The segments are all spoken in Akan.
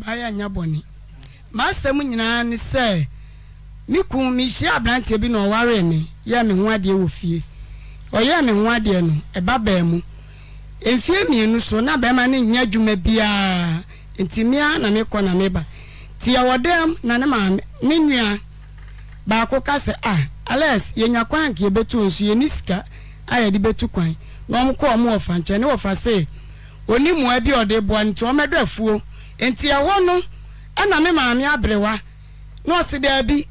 baayɛ anya bɔne m'asɛm nyinaa ne sɛ me kun mehyia aberanteɛ bi na ɔwaree me yɛ me ho adeɛ wɔ fie ɔyɛɛ me ho adeɛ no ɛba baa mu efie mmienu so na bɛrima no nyɛ adwuma biara nti mia na mekɔ na meba nti yɛwɔ dɛm na ne maame ne nua baako ka sɛ a alex yɛnya kwan ka yɛbɛtu nso yɛni sika a yɛde bɛtu kwan na ɔmo kɔ ɔmo wɔfa nkyɛn ne wɔfa se oni bi ɔde boa nti ɔmo ɛdɔ afuo nti ɛwɔ no ɛna me maame abrewa na ɔsi dɛbi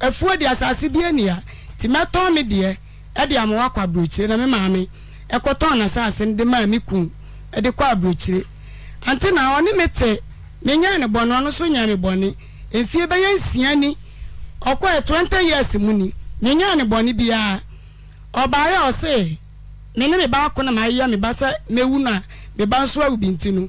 efuo di asase bi enia ti mɛtɔn mi deɛ ɛde amoa kɔ aburokyire na me maame ɛkɔtɔn na no de maa mi kun ɛde kɔ aburokyire ante na ɔne mi te me nya ne bɔne ɔno so nya me bɔne efie bɛyɛ nsia ni ɔkɔ yɛ twenty years mu ni me nya ne bɔne biara ɔbaa yɛ ɔse me ne me ba ako na ma ayɛ me ba sɛ mewu na me ba nso awu bi nti no.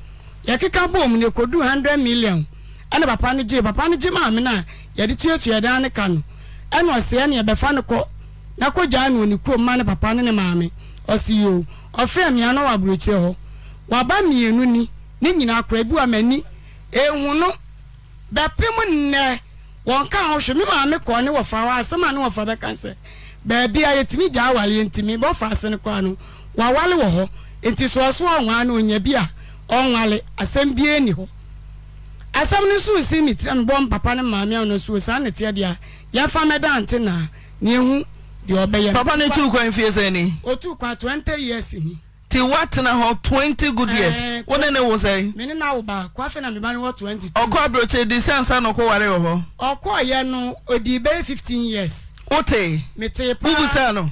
yɛkeka bom ne kɔdu 100 million ɛna papa no gye papa no gye maame no a yɛde tuatua dan ne ka no ɛna ɔseɛ ne yɛbɛfa no kɔ na kɔgyaa no ɔne kurom ma ne papa no ne maame ɔse yoo ɔfrɛ mmea no wɔ aburokyire hɔ waba mmienu ni ne nyinaa koraa bi wɔ m'ani ehu no bɛpem nnɛ wɔn ka ho hwɛ me maame kɔɔ ne wɔfa hɔ asɛm a ne wɔfa bɛka sɛ baabi a yɛtumi gyaa awale yɛntumi bɔfa ase no koraa no wɔawale wɔ hɔ nti soɔsoɔ nwaa no onya bi a ɔnwale asɛm bia ni hɔ asɛm no so si ne tirɛ no bɔ mpapa maame a so saa ne deɛ yɛfa na ne ehu deɛ ɔbɛyɛ. papa ne tu kwan fie sɛ otu kwan twenty years ni. ti wa tena hɔ twenty good years wo ne ne wo sɛ. mi ni na na mi ba ni wɔ twenty two. ɔkɔ aburokye di na years. o te. mi te paa bubu sɛ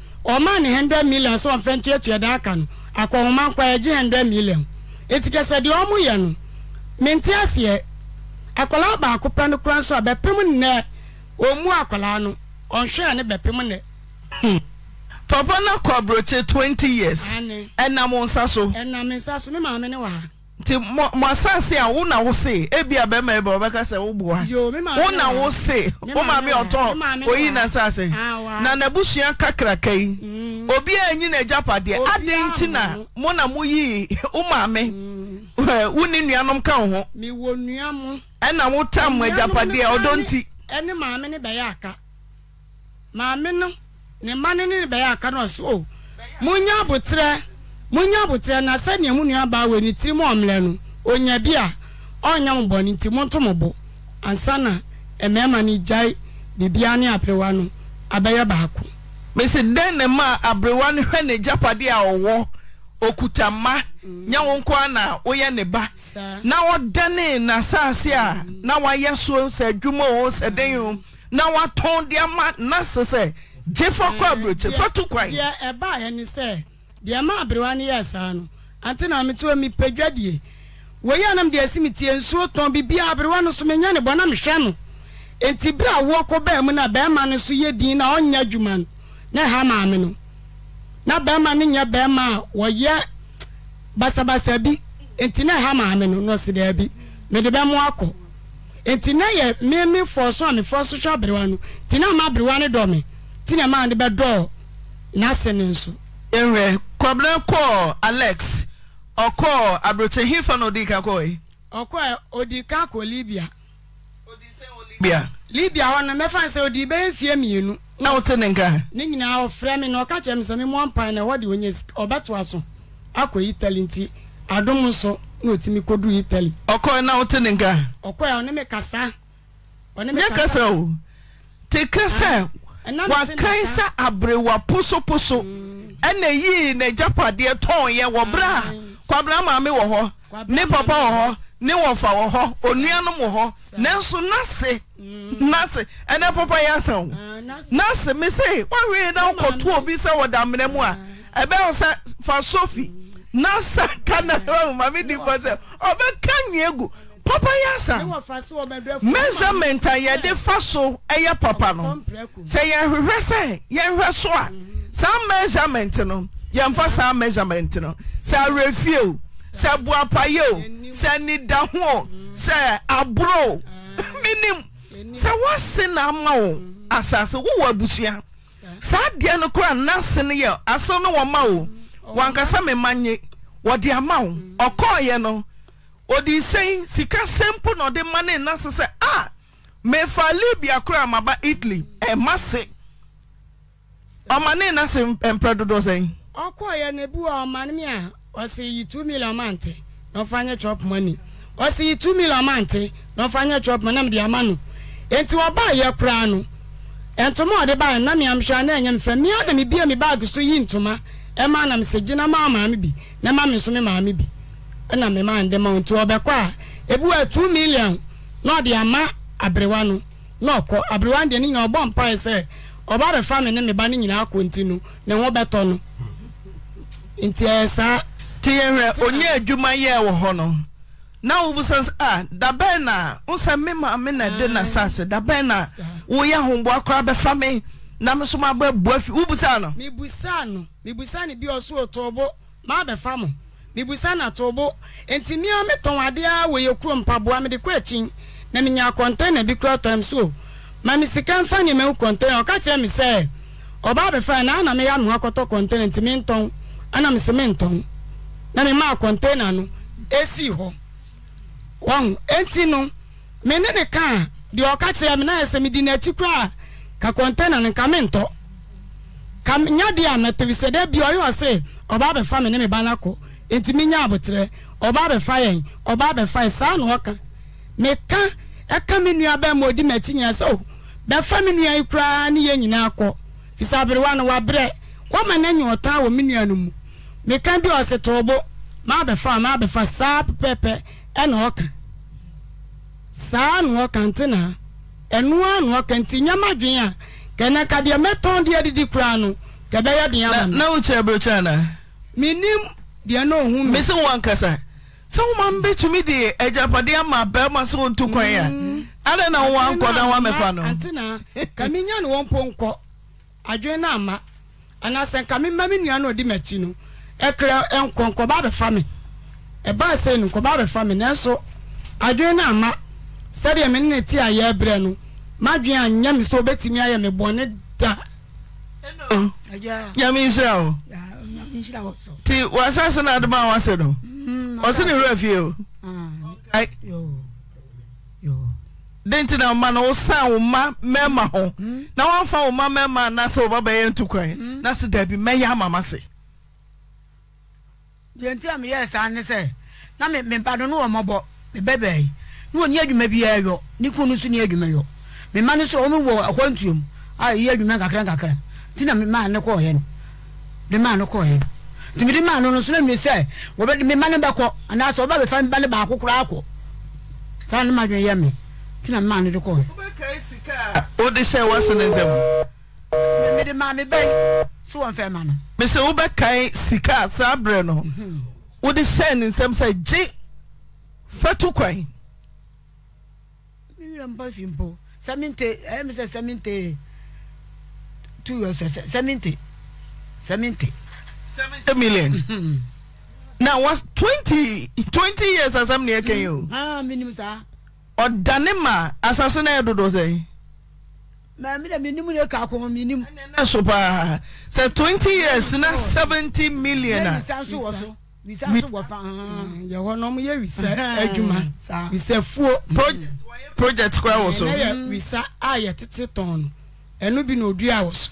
ɔma ne hundred million sɛ ɔmfa nkyeakyia da aka no akɔnhoma nkwa gye hundred million enti kɛ sɛ deɛ ɔmo yɛ no mente aseɛ akwadaa baako pɛ no kora nso a bɛpem nnɛ ɔmu akwadaa no ɔnhwɛ ne bɛpem nnɛ. Hmm. papa na kɔ aburokye twenty years ɛnam nsa so. ɛnam nsa so maame ne ha. nti mo asase a wo na wo se ebi a ebe yi ba ɔbɛka sɛ wo bua wo na wo se wo maame ɔtɔ oyi na asase ah, na n'abusua kakraka yi mm. obi a enyi n'agyapadeɛ adan ti na mo na mo yi wo maame mm. wo ne nuanom ka wo ho ɛna wo tam agyapadeɛ ɔdɔ nti. ɛne maame ne bɛyɛ aka maame no ne mma ne ne bɛyɛ aka na ɔso o oh, mo nya abotire. monye abotire na sɛnea mu nuabaa wɔ ne tiri mu ɔmmerɛ no ɔnya bi a ɔnya mo bɔne nti monto mo bo ansa na mmarima n'igya gyae biribiara ne aperewa no abɛyɛ baako mesi dɛn ne ma aberewa no hwɛ ne gyapade a ɔwɔ okuta mma nya wo nko a na ọ ne ba na wɔdane a na wayɛ so sɛ adwuma o sɛ den o na watɔn de ama na sɛ sɛ gye fɔ kɔ aburokye fɔ to kwan. deɛ ɛbaa yɛ ni deɛ ma aberewa no yɛ saa no ante na metewa mepɛdwa die wɔyi anam deɛ asi metie nsuo tɔn bibia aberewa no so menya ne bɔ na mehwɛ no enti bere a wɔkɔ baa mu na bɛrima no so yɛ din na ɔnyɛ adwuma no na ɛha maame no na bɛrima no nyɛ bɛrima a wɔyɛ basabasa bi enti na ɛha maame no na ɔsi daabi mede bɛmo akɔ enti na yɛ mmemme fɔ so a mefɔ so hwɛ aberewa no nti na ma aberewa no dɔ me nti na ma ne bɛdɔɔ n'ase ne nso. kwabena kɔɔ alex ɔkɔɔ aburokyɛnhimfa na odi ka kɔɔ yi. ɔkɔɔ odi ka kɔ libya. odi sɛ wɔ libya. libya hɔ no mɛfa sɛ odi bɛyɛ mfie mmienu. na wote ne nka. ne nyinaa ɔfrɛ mi na ɔka kyerɛ mi sɛ mi mu ampan na wɔde onye ɔbɛto aso akɔ italy nti adum nso na otimi kodu italy. ɔkɔɔ e, na wote ne nka. ɔkɔɔ e, ɔne mi kasa. ɔne mi kasa. nyɛ kasa o te kasa. Ah. wɔakan sa aberewa posoposo ɛna mm. yii n'agyapadeɛ tɔnyɛ wɔ berɛ a kwabena maame wɔ hɔ ne papa wɔ hɔ ne wɔfa wɔ hɔ onuanom wɔ hɔ nanso nase mm. nase ɛnɛ papa yɛ asan wo ah, nase me se woahwee na wokɔto obi sɛ wɔda mmerɛ mu a ah. ɛbɛwo sɛ fa sofi mm. nasa ka na mame di fɔ sɛ ɔbɛka nwea gu papa yɛ asa measurement a de fa so yɛ papa no sɛ yɛhwehwɛ sɛ yɛhwɛ so a mhm. saa measurement no yɛmfa saa measurement no sɛ awerɛfie o sɛ boapayɛ o sɛ nidaho o mhm. sɛ aboro ah. menim sɛ wɔse na ama wo mhm. asase wowɔ abusua saa deɛ no koraa nase no yɛ ase no wɔ ma o wankasa mema nye wɔde ama wo ɔkɔɔyɛ no odi sɛn sika sɛmpo na ɔde ma ne nna sɛ a ah, mefa libya kora maba italy ɛma se ɔma ne nna se mpɛ dodoɔ sɛn. ɔkọ yɛ nebu bu a ɔma ne mi a ɔsi yi two million mante na ɔfa nye chop money ɔsi yi two million mante na ɔfa nye chop money na mi de ama no nti ɔba yɛ kura no ntoma ɔde ba na mi amhwɛ ana ɛnyɛ mfɛ mmea na mi bia mi baagi so yi ntoma ɛma na mi sɛ gyina maa maame bi na ma mi nso mi maame bi. ɛna mema nde ma nti ɔbɛkɔ a ebi wɔ two million na ɔde ama abiriwa no na ɔkɔ aberewa deɛ ne nyinaa ɔbɔ mpae sɛ ɔba bɛfa mi ne meba ne nyinaa akɔ nti no ne ho bɛtɔ no nti ɛyɛ saa. ti yɛn hwɛ onye adwuma yɛ wɔ hɔ no na wobusa sɛ a dabɛn na nsɛ me maame na de na saase dabɛn na woyɛ ahomboa koraa bɛfa me na me nso ma bɛ bu afi wobusa no. mibusa no mibusa no bi ɔso otobo maa fa mo. mibusa na tobo nti mmea metɔn adeɛ a wɔyɛ kuro mpaboa mede kɔ akyi na menya kɔntɛna bi kura tɔm so ma me sika mfa nneɛma wo kɔntɛna ɔka kyerɛ me sɛ ɔbaa bɛfa na a meyɛ anoa kɔtɔ kɔntɛna nti mentɔn ana na memaa kɔntɛna no ɛsii hɔ wɔn no me ne ne kaa deɛ ɔka kyerɛ me na yɛ sɛ ka kɔntɛna no ka ka nya deɛ a mɛtɔ bi sɛ dɛ bi ɔyɛ ɔse ɔbaa bɛfa me ne me ba nti mi nya abotire ọba abẹfa yẹn ọba abẹfa yẹn saa na ọka ka ẹka mi nua bẹẹ ma odi m'akyi nyina sẹ o oh, bẹfa mi nua yi koraa ne yẹn nyinaa kọ fisa abiriwa na wabrẹ wọma n'enyi ọta wọ mi nua no mu mẹka bi ọsẹ tọọbo ma abẹfa ma abẹfa saa pẹpẹpẹ ẹna e ọka saa na ọka na ẹnua na ọka nti nyama dwen a kẹnẹ kadeɛ mẹtɔn deɛ didi koraa no kẹbɛyɛ deɛ ama mi. na na o kyerɛ bro kyerɛ na. mi nim. deɛ na ohu me sɛ woankasa sɛ woma mbɛtumi de agyapadeɛ ama bɛrima sɛ wontu kwan ya, mm. adɛn na wowɔ ankɔ na woamɛfa no ka na ne wɔn nkọ, nkɔ adwene no ama anaasɛ nka mema me nua no ɔde m'akyi no ɛkra ɛnkɔ nkɔba abɛfa me ɛbaa sɛ no nkɔba abɛfa me nanso adwene no ama sɛdeɛ me ne ne te a yɛbrɛ no madwene anyɛ me sɛ wobɛtumi ayɛ me bɔne da mm. nyame nhyira wo ti wasa so na adama wa mm, se no ɔsi ne wura fie o ah, den ti na ma na wosan wo ma mɛma ho hmm? na wɔnfa wo ma mɛma anasɛ wo ba bɛyɛ ntukwan hmm? na se daabi mɛyɛ ama ma se. deɛ nti a meyɛɛ saa ne sɛ na mempa no ne wɔ mmɔbɔ mebɛbɛe ne wɔni adwuma biaa yɔ ne ku no so ne adwuma yɔ mema no so ɔmo wɔ akwantuom a ɛyɛ adwuma nkakra nkakra nti na memaa ne kɔɔyɛ no de maa no kɔɔ yɛ nti mede maa no no so na nnu sɛ wɔbɛ mema no bɛkɔ anaasɛ ɔba bɛfa meba ne baako koraa akɔ saa ne madwene yɛ me nti na maa no de kɔɔ ah, wode hyɛ wase ne nsɛm mede maa me bɛi so wɔmfɛ ma no mesɛ wobɛkae sika saa berɛ no mhm. wode hyɛ ne nsɛm sɛ gye fa to kwan mewura mpa fi mpo sɛ mente ɛyɛ me sɛ sɛ mente tu sɛ sɛ mente seventy. seventy million. na was twenty twenty years asam ni ẹ kẹ́yìn o. aa mi ni mu sa. ọ̀dàní ma asase náà yẹ dodo sẹ́yìn. maame na mi ni mu de ka ko mi ni mu. so paa sẹ twenty years na seventy million a. wisa nso wọ so wisa nso wọ fa. yẹ hɔ na ɔmo yɛ wisa adwuma wisa fuo. project kora wɔ so. ɛnɛ yɛ wisa a yɛ tete tɔn no ɛnu bi na odua wɔ so.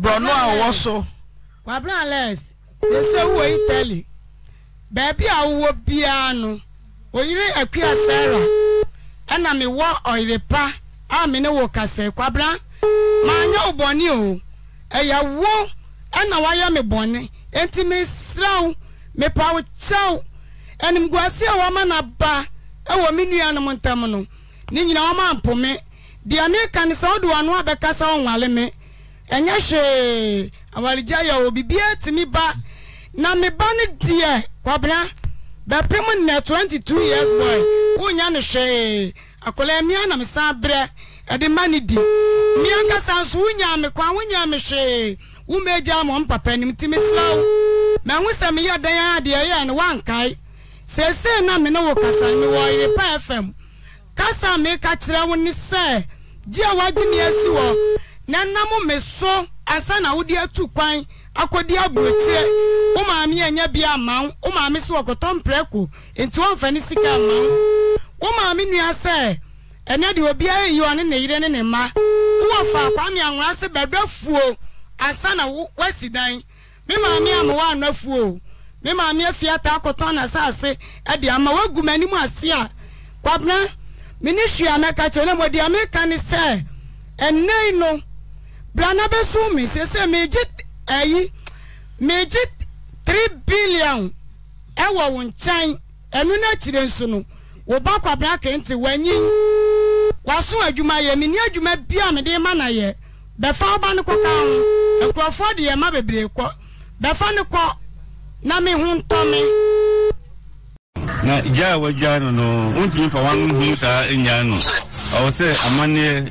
bronu a so wabra alex sese wo italy beebi a wowɔ biara no oyiri akua sarah ɛna mewɔ ɔyere pa a me ne wo kasa kwabra maanyɛ wo bɔne o ɛyɛ wo ɛna wayɛ me bɔne enti mesrɛ wo mepa wo kyɛw animguase a wɔama no ba ɛwɔ me nuanom ntam no ne nyina wɔma mpome deɛ meka ne sɛ wode wano abɛkasa wo nwale me ɛnyɛ hwee awaregya yɛ wɔ bibia tumi ba na me ba no deɛ kwabena bɛpem nnɛ 22 years boy wonya no hwee akwadaa mmea na mesan berɛ ɛde ma ne di mmea nkasa nso wonya me kwan wonya me hwee wo mmagya ma ɔmpapa anim ti mesra wo mahu sɛ meyɛ dan adeɛ yɛ no woankae seesei na me ne wo kasa me wɔ yerepa fm kasa meka kyerɛ wo ne sɛ gye a wagye me asi wɔ na nam me so ansa na wode atu kwan akɔdi aburokyeɛ wo maame ɛnyɛ bi ama wo wo maame so wɔkɔtɔ mprɛko nti wɔmfa ne sika ama wo wo maame nua sɛ ɛnɛ deɛ obiara yi ɔne ne yere ne ne mma wowɔ fa kwame anwora se bɛdɔ fuo ansa na woasi dan me maame ama woanɔ fuo me maame afi ata akɔtɔn n'asase ɛde ama woagu m'anim ase a kwabena me ne hwee a na mmɔde a meka ne sɛ ɛnɛn no bra n'ebe bɛsum me sese meji ayi three billion ɛwɔ wo nkyɛn ɛno n'akyire nso no wo ba kwabena kente w'anyi w'aso adwuma yɛ adwuma bi a ma bebree kɔ bɛfa na a no no wontumi fa wɔn ho saa nya no ɔwɔ sɛ amanneɛ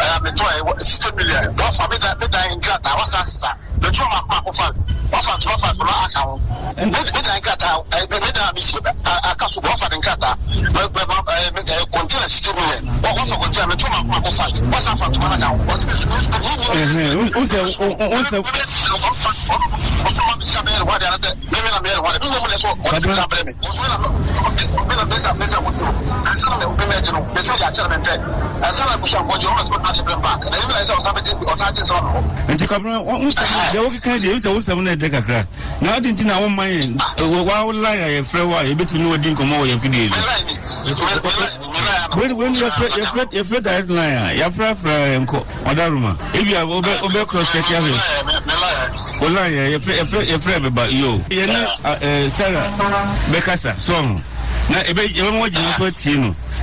ɛɛ metɔ ɛ sixty million wɔfa mi da mi da nkrata wɔsa sisan metɔ ma kɔ akɔfa wɔfa tɔ wɔfa tɔ aka ho mi da nkrata ɛ mi da mi si aka so wɔfa ne nkrata mɛ mɛ ma ɛ ɛ kɔntena sixty million wɔfa kɔntena metɔ ma kɔ akɔfa fa tɔ aka ho wɔsi mi su mi su mi su. nsɛ nsɛ. ɔtɔn mi si mi mi na mi yɛrɛ wa de mi wo mi lɛ so ɔtɔn mi na bɛrɛ mi mi na mi sa mi sa wo a cɛ nti kabra deɛ wokeka deɛ ɛfisɛ wo sɛm no ɛdɛ kakra na o wode nti na woma yɛ ah. wawola a yɛfrɛ wo a yɛbɛtumi ne wadi nkɔmmɔ wɔ yɛfidie so yɛfrɛ direct line a yɛafrafra nkɔ ɔdaroma ebia wobɛ cross check ahwɛ wola yɛ yɛfrɛ bɛba yo yɛne eh, sara bɛkasa sɛ ho na ɛbɛma wagyina so atie no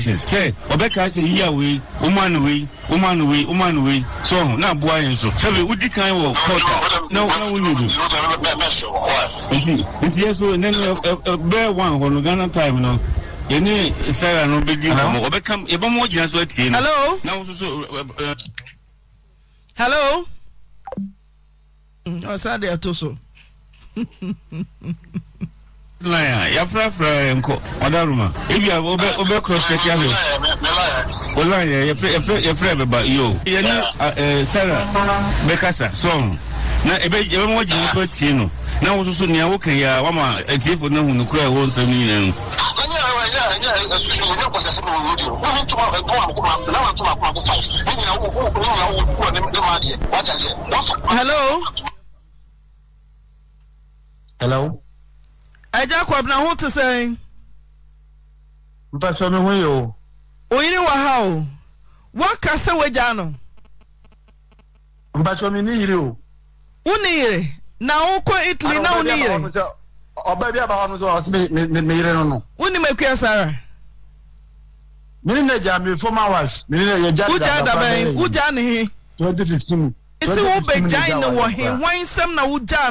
questions sɛ ɔbɛka sɛ yi a wei woma no wei woma no wei woma no wei so na aboa yɛn so sɛbi wodi kan wɔ kɔta na wonye do nti nti yɛ so ne no bɛɛ wan hɔ no ghana time no yɛne sara no bɛdi nkɔmmɔ ɔbɛka yɛbɛma wɔgyina so atie no hello na wo so so eh, eh, eh. hello ɔsa de ato so line eh, a yɛafrafra yɛ nkɔ ɔdaroma ebia wobɛ crosscheck ahwɛ wo line yɛ yɛfrɛ bɛba yo yɛne sara bɛkasa sɔn na yɛbɛma wagye nipa tie no na wo soso nea woka yi a wama atiefo no hu nokora a ɛwɔ nsɛm no nyina no hello hello agya kɔb na ho te sɛn mpatɛ me ho o oyere wɔ ha o Waka sɛ woagya no mpatɛ me ne o wo ne na wokɔ italy na wo ne yere ɔbaa bi aba hɔ no sɛ ɔse me yere no no wonim akua sara mene na agya me former wife mene na yɛgya wogya dabɛn wogya ne na wogyaa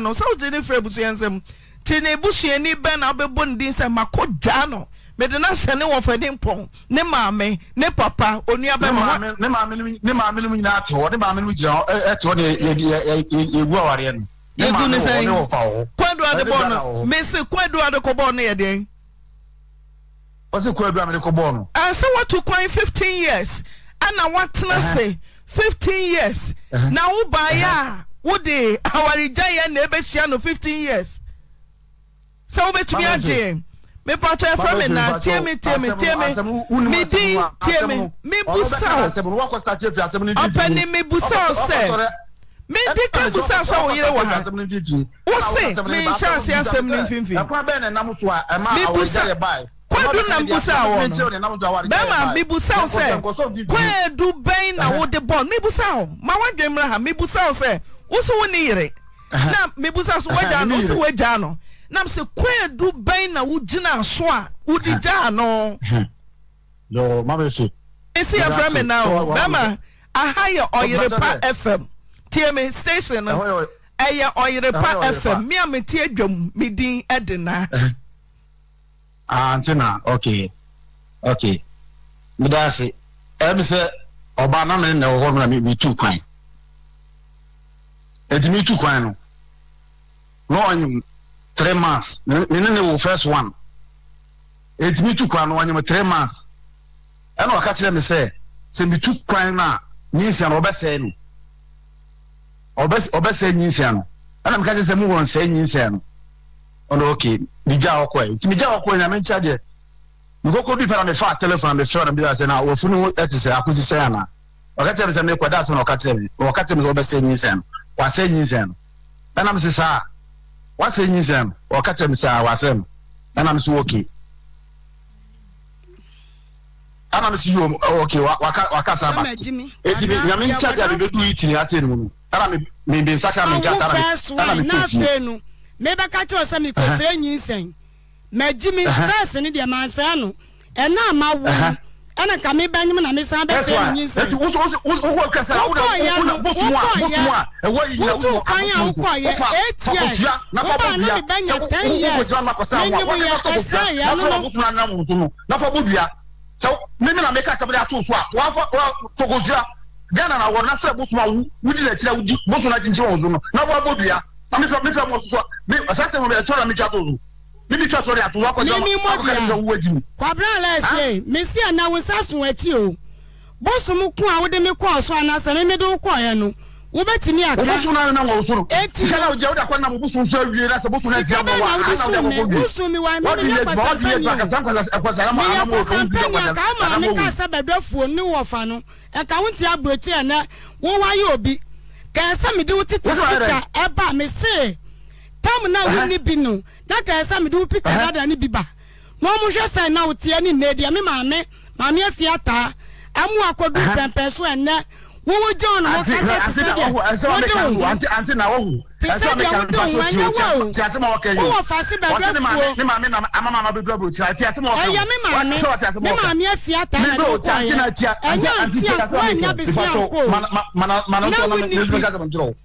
no sɛ wogye ne frɛ abusua nti ne busuani bɛn na wobɛbɔ ne din sɛ makɔ gyaa no mede na hyɛ ne wɔfani mpɔn ne maame ne papa onua bɛ maame ne maame ne maame no nyinaa te hɔ ne maame no gyina hɔ te hɔ ne yɛgu awareɛ no yɛgu ne sɛn kwadu adebɔ no mesi kwadu adekɔbɔ no yɛ den wɔsi kwadu adekɔbɔ no asɛ watu kwan fifteen years ɛna watena se fifteen years na wobaeɛ a wode awaregya yɛ na ɛbɛhyia no fifteen years sɛ wobɛtumi agyeɛ mepɔtɔ ɛfrɛ me na tie me tie me tie me me din tie me me busaw ɔpɛni me busaw sɛ me di ka busaw sɛ wo yere wɔ ha wo se me nhyɛ ase asɛm ne mfimfini me busa kwadu na mbusaw wɔ no bɛrima me busaw sɛ kwadu bɛn na wode bɔ me busaw ma wadwe mmerɛ ha me sɛ wo so wo ne yere na me so wagya no wo so wagya no nam sɛ kwan edu bɛn na wogyina so a wodi gya ano. yoo maame e si. esi efra na o bɛma aha yɛ ɔyerepa fm tie mi station no ɛyɛ ɔyerepa fm mi a mi tie dwam mi din ɛdi na. antina ok ok meda ase ɛbi e sɛ ɔbaa na mi na ɛwɔ hɔ no na mi tu kwan ɛdi e mi tu kwan no na ɔnyim. three months ne ne wo first one etimi tu kwan no wanyam three months ɛna waka kyerɛ me sɛ sɛ metu kwan no a nyinsia no ɔbɛsɛe no ɔbɛsɛe nyinsia no ɛna meka kyerɛ sɛ mu wɔ nyinsia no ɔno ok megya ɔkɔɛ nti megya ɔkɔɛ nyame nkyɛ deɛ mekɔkɔ bi pɛ na mefa telefon mefrɛ no bisa sɛ na wɔfu no ɛte sɛ akosi sɛe ɔka kyerɛ me sɛ mekɔda asɛm na ɔka kyerɛ me ɔka kyerɛ me sɛ ɔbɛsɛe nyinsia no wasɛe nyinsia no ɛnam sɛ saa wasɛ nyi sɛm ɔka kyerɛ me saa wasɛm ɛna me so oke ana me so yom oke waka saa ba ɛnti nyame nkyɛ de a mebɛdu yi tini ase no mu no ɛna membensa ka menkatanaafei mebɛka kyerɛ sɛ mekɔsɛ nyinsɛn magyi me fɛs no deɛ mansɛe no ɛna mawo ɛna ka mi bɛn na mi san bɛ se mi nyinsɛn. ɛtu woso woso woso wɔ kasa wo na wo kun wa wo kun wa ɛwɔ yi na wo kun wa wo kun wa eight years wo ba na mi bɛ nya ten years mi nyi mu yɛ ɛsɛ yɛ nono. nafa bo dua sɛ mi mi na mi ka sɛbɛn ato so a wa fɔ wa togosia ghana na wɔ na fɛ boso ma wu wudi na kyerɛ wudi boso na kyinkyin wɔn so no na wa bo dua na mi fɛ mi fɛ mo soso mi ɔsɛ tɛ mo bɛ ɛtɔ na mi kya to so bíbí tí ọ̀tún rẹ̀ àtúwọ́ kọjá ọmọ akọkẹ́rẹ́ ìjọ wúwo jì mí. kwabra alẹ́sẹ̀ mi sí ẹ̀ náà wosá sùn ẹ̀kí o bóṣùn mu kún àwọn dèmí kọ́ ọ̀ṣọ́ anásẹ̀ mímí dún kọ́ ọ̀yẹ́ nu wobɛtumi aka obusun naa nana wɔn soro sika naa ojia o da kɔ nam obusun so awie lase obusun naa tia bɔ wa ana o da kɔ obusun mi wa mi mi yɛ kɔsa mpɛ nyiwa kasa nkɔsa ɛkɔsa ama ama wo kan ti kɔsa ka ama mi ka sɛ bɛdɔ fuo ni wɔfa no ɛka e wo ti aburokyi e ɛnɛ wo wa yɛ obi kɛsɛ e mi di wo titi picture ɛba mi se tam na uh-huh. wo ni bi no na ka ɛsɛ mede wo picture dada ne bi ba na ɔmohwɛ sɛ na woteɛ ne nnɛ deɛ me maame maame afi ataa amu akodu pɛmpɛn so ɛnɛ wowó john wọ́n kásá ti sẹ́díà wọ́n dé òun ti sẹ́díà wọ́n dé òun ẹ̀yẹ wọ́ o wọ́n wọ̀ fàásì bẹ̀rẹ̀ fún o. maame na ama maama bẹ dúró bẹ o tí a ti àti ma ọkẹ o ẹyẹ mi maame mi maame efi ata ẹni o kọ yẹ ẹnyẹ nti àkó àkó náà wù ní bi.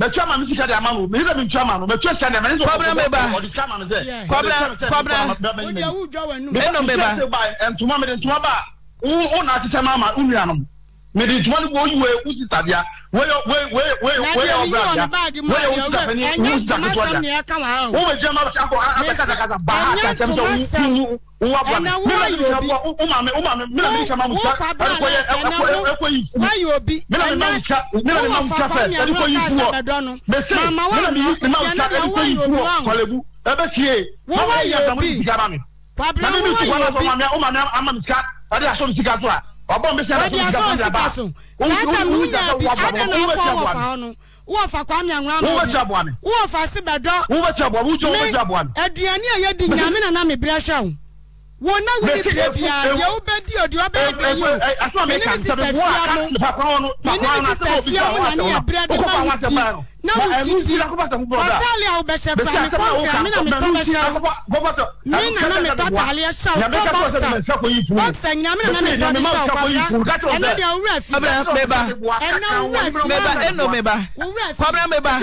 mɛtwa maa mi sika di ama no mi sɛ mi ntwa maa no mɛtwa sika di ama no kɔbra mbɛ ba kɔbra kɔbra ɛnɔ mbɛ ba ntoma mi di ntoma ba wo na akyekyɛ maa ma wo nua no mi di ntoma ni wo yi wo wo sisa dia wo yɛ wo yɛ wo yɛ wo yɛ wo yɛ ɔbɛra dia wo yɛ wo sisa fɛn yi wo sisa ketewa dia wo bɛ jɛ ma bɛ kɛ akɔ akɛ kasa kasa baa akɛ sɛ mi sɛ wo wo wọn bọ mi mina mi nìkan bọ ọmọ mi ọmọ mi mina mi nìkan ma mu sa ẹkọ yẹ ẹkọ ẹkọ yìí fu mi ma mu sa mina mi ma mu sa fẹ ẹkọ yìí fu ọ bẹsẹ mina yìí ma mu sa ẹkọ yìí fu ọ kọlẹbu ẹbẹ fie mama yìí yàtọ̀ mi sika ma mi na mi mi tu ama mi sa ọdí asọ mi sika tó a ọbọ mi sẹ ẹbẹ tó mi sika tó ní abá sátà mi wúnyà bi adana ọkọ wọfà ọnu wọ́ọ̀fà kwame àwọn mi wọ́ọ̀fà síbẹ̀dọ́ mi aduane wọn náà wuli bíi bíi yẹ wo bẹ di ọdún ọbẹ yẹn di yìí mini sista fiamu mini sista fiamu nani abirẹ de ma wù ti na wù ti ti ọtaali awo bẹ sẹ pẹlú kọnkura mi na mi tọ bẹ sẹ mi nana mi tọ taali ẹ sẹ o tọ bọksa bọksa nyina mi nana mi tọ bi sẹ o kọbra ẹnna de owurẹ fi mẹba ẹnna owurẹ fi mẹba ẹnna mẹba kọbra mẹba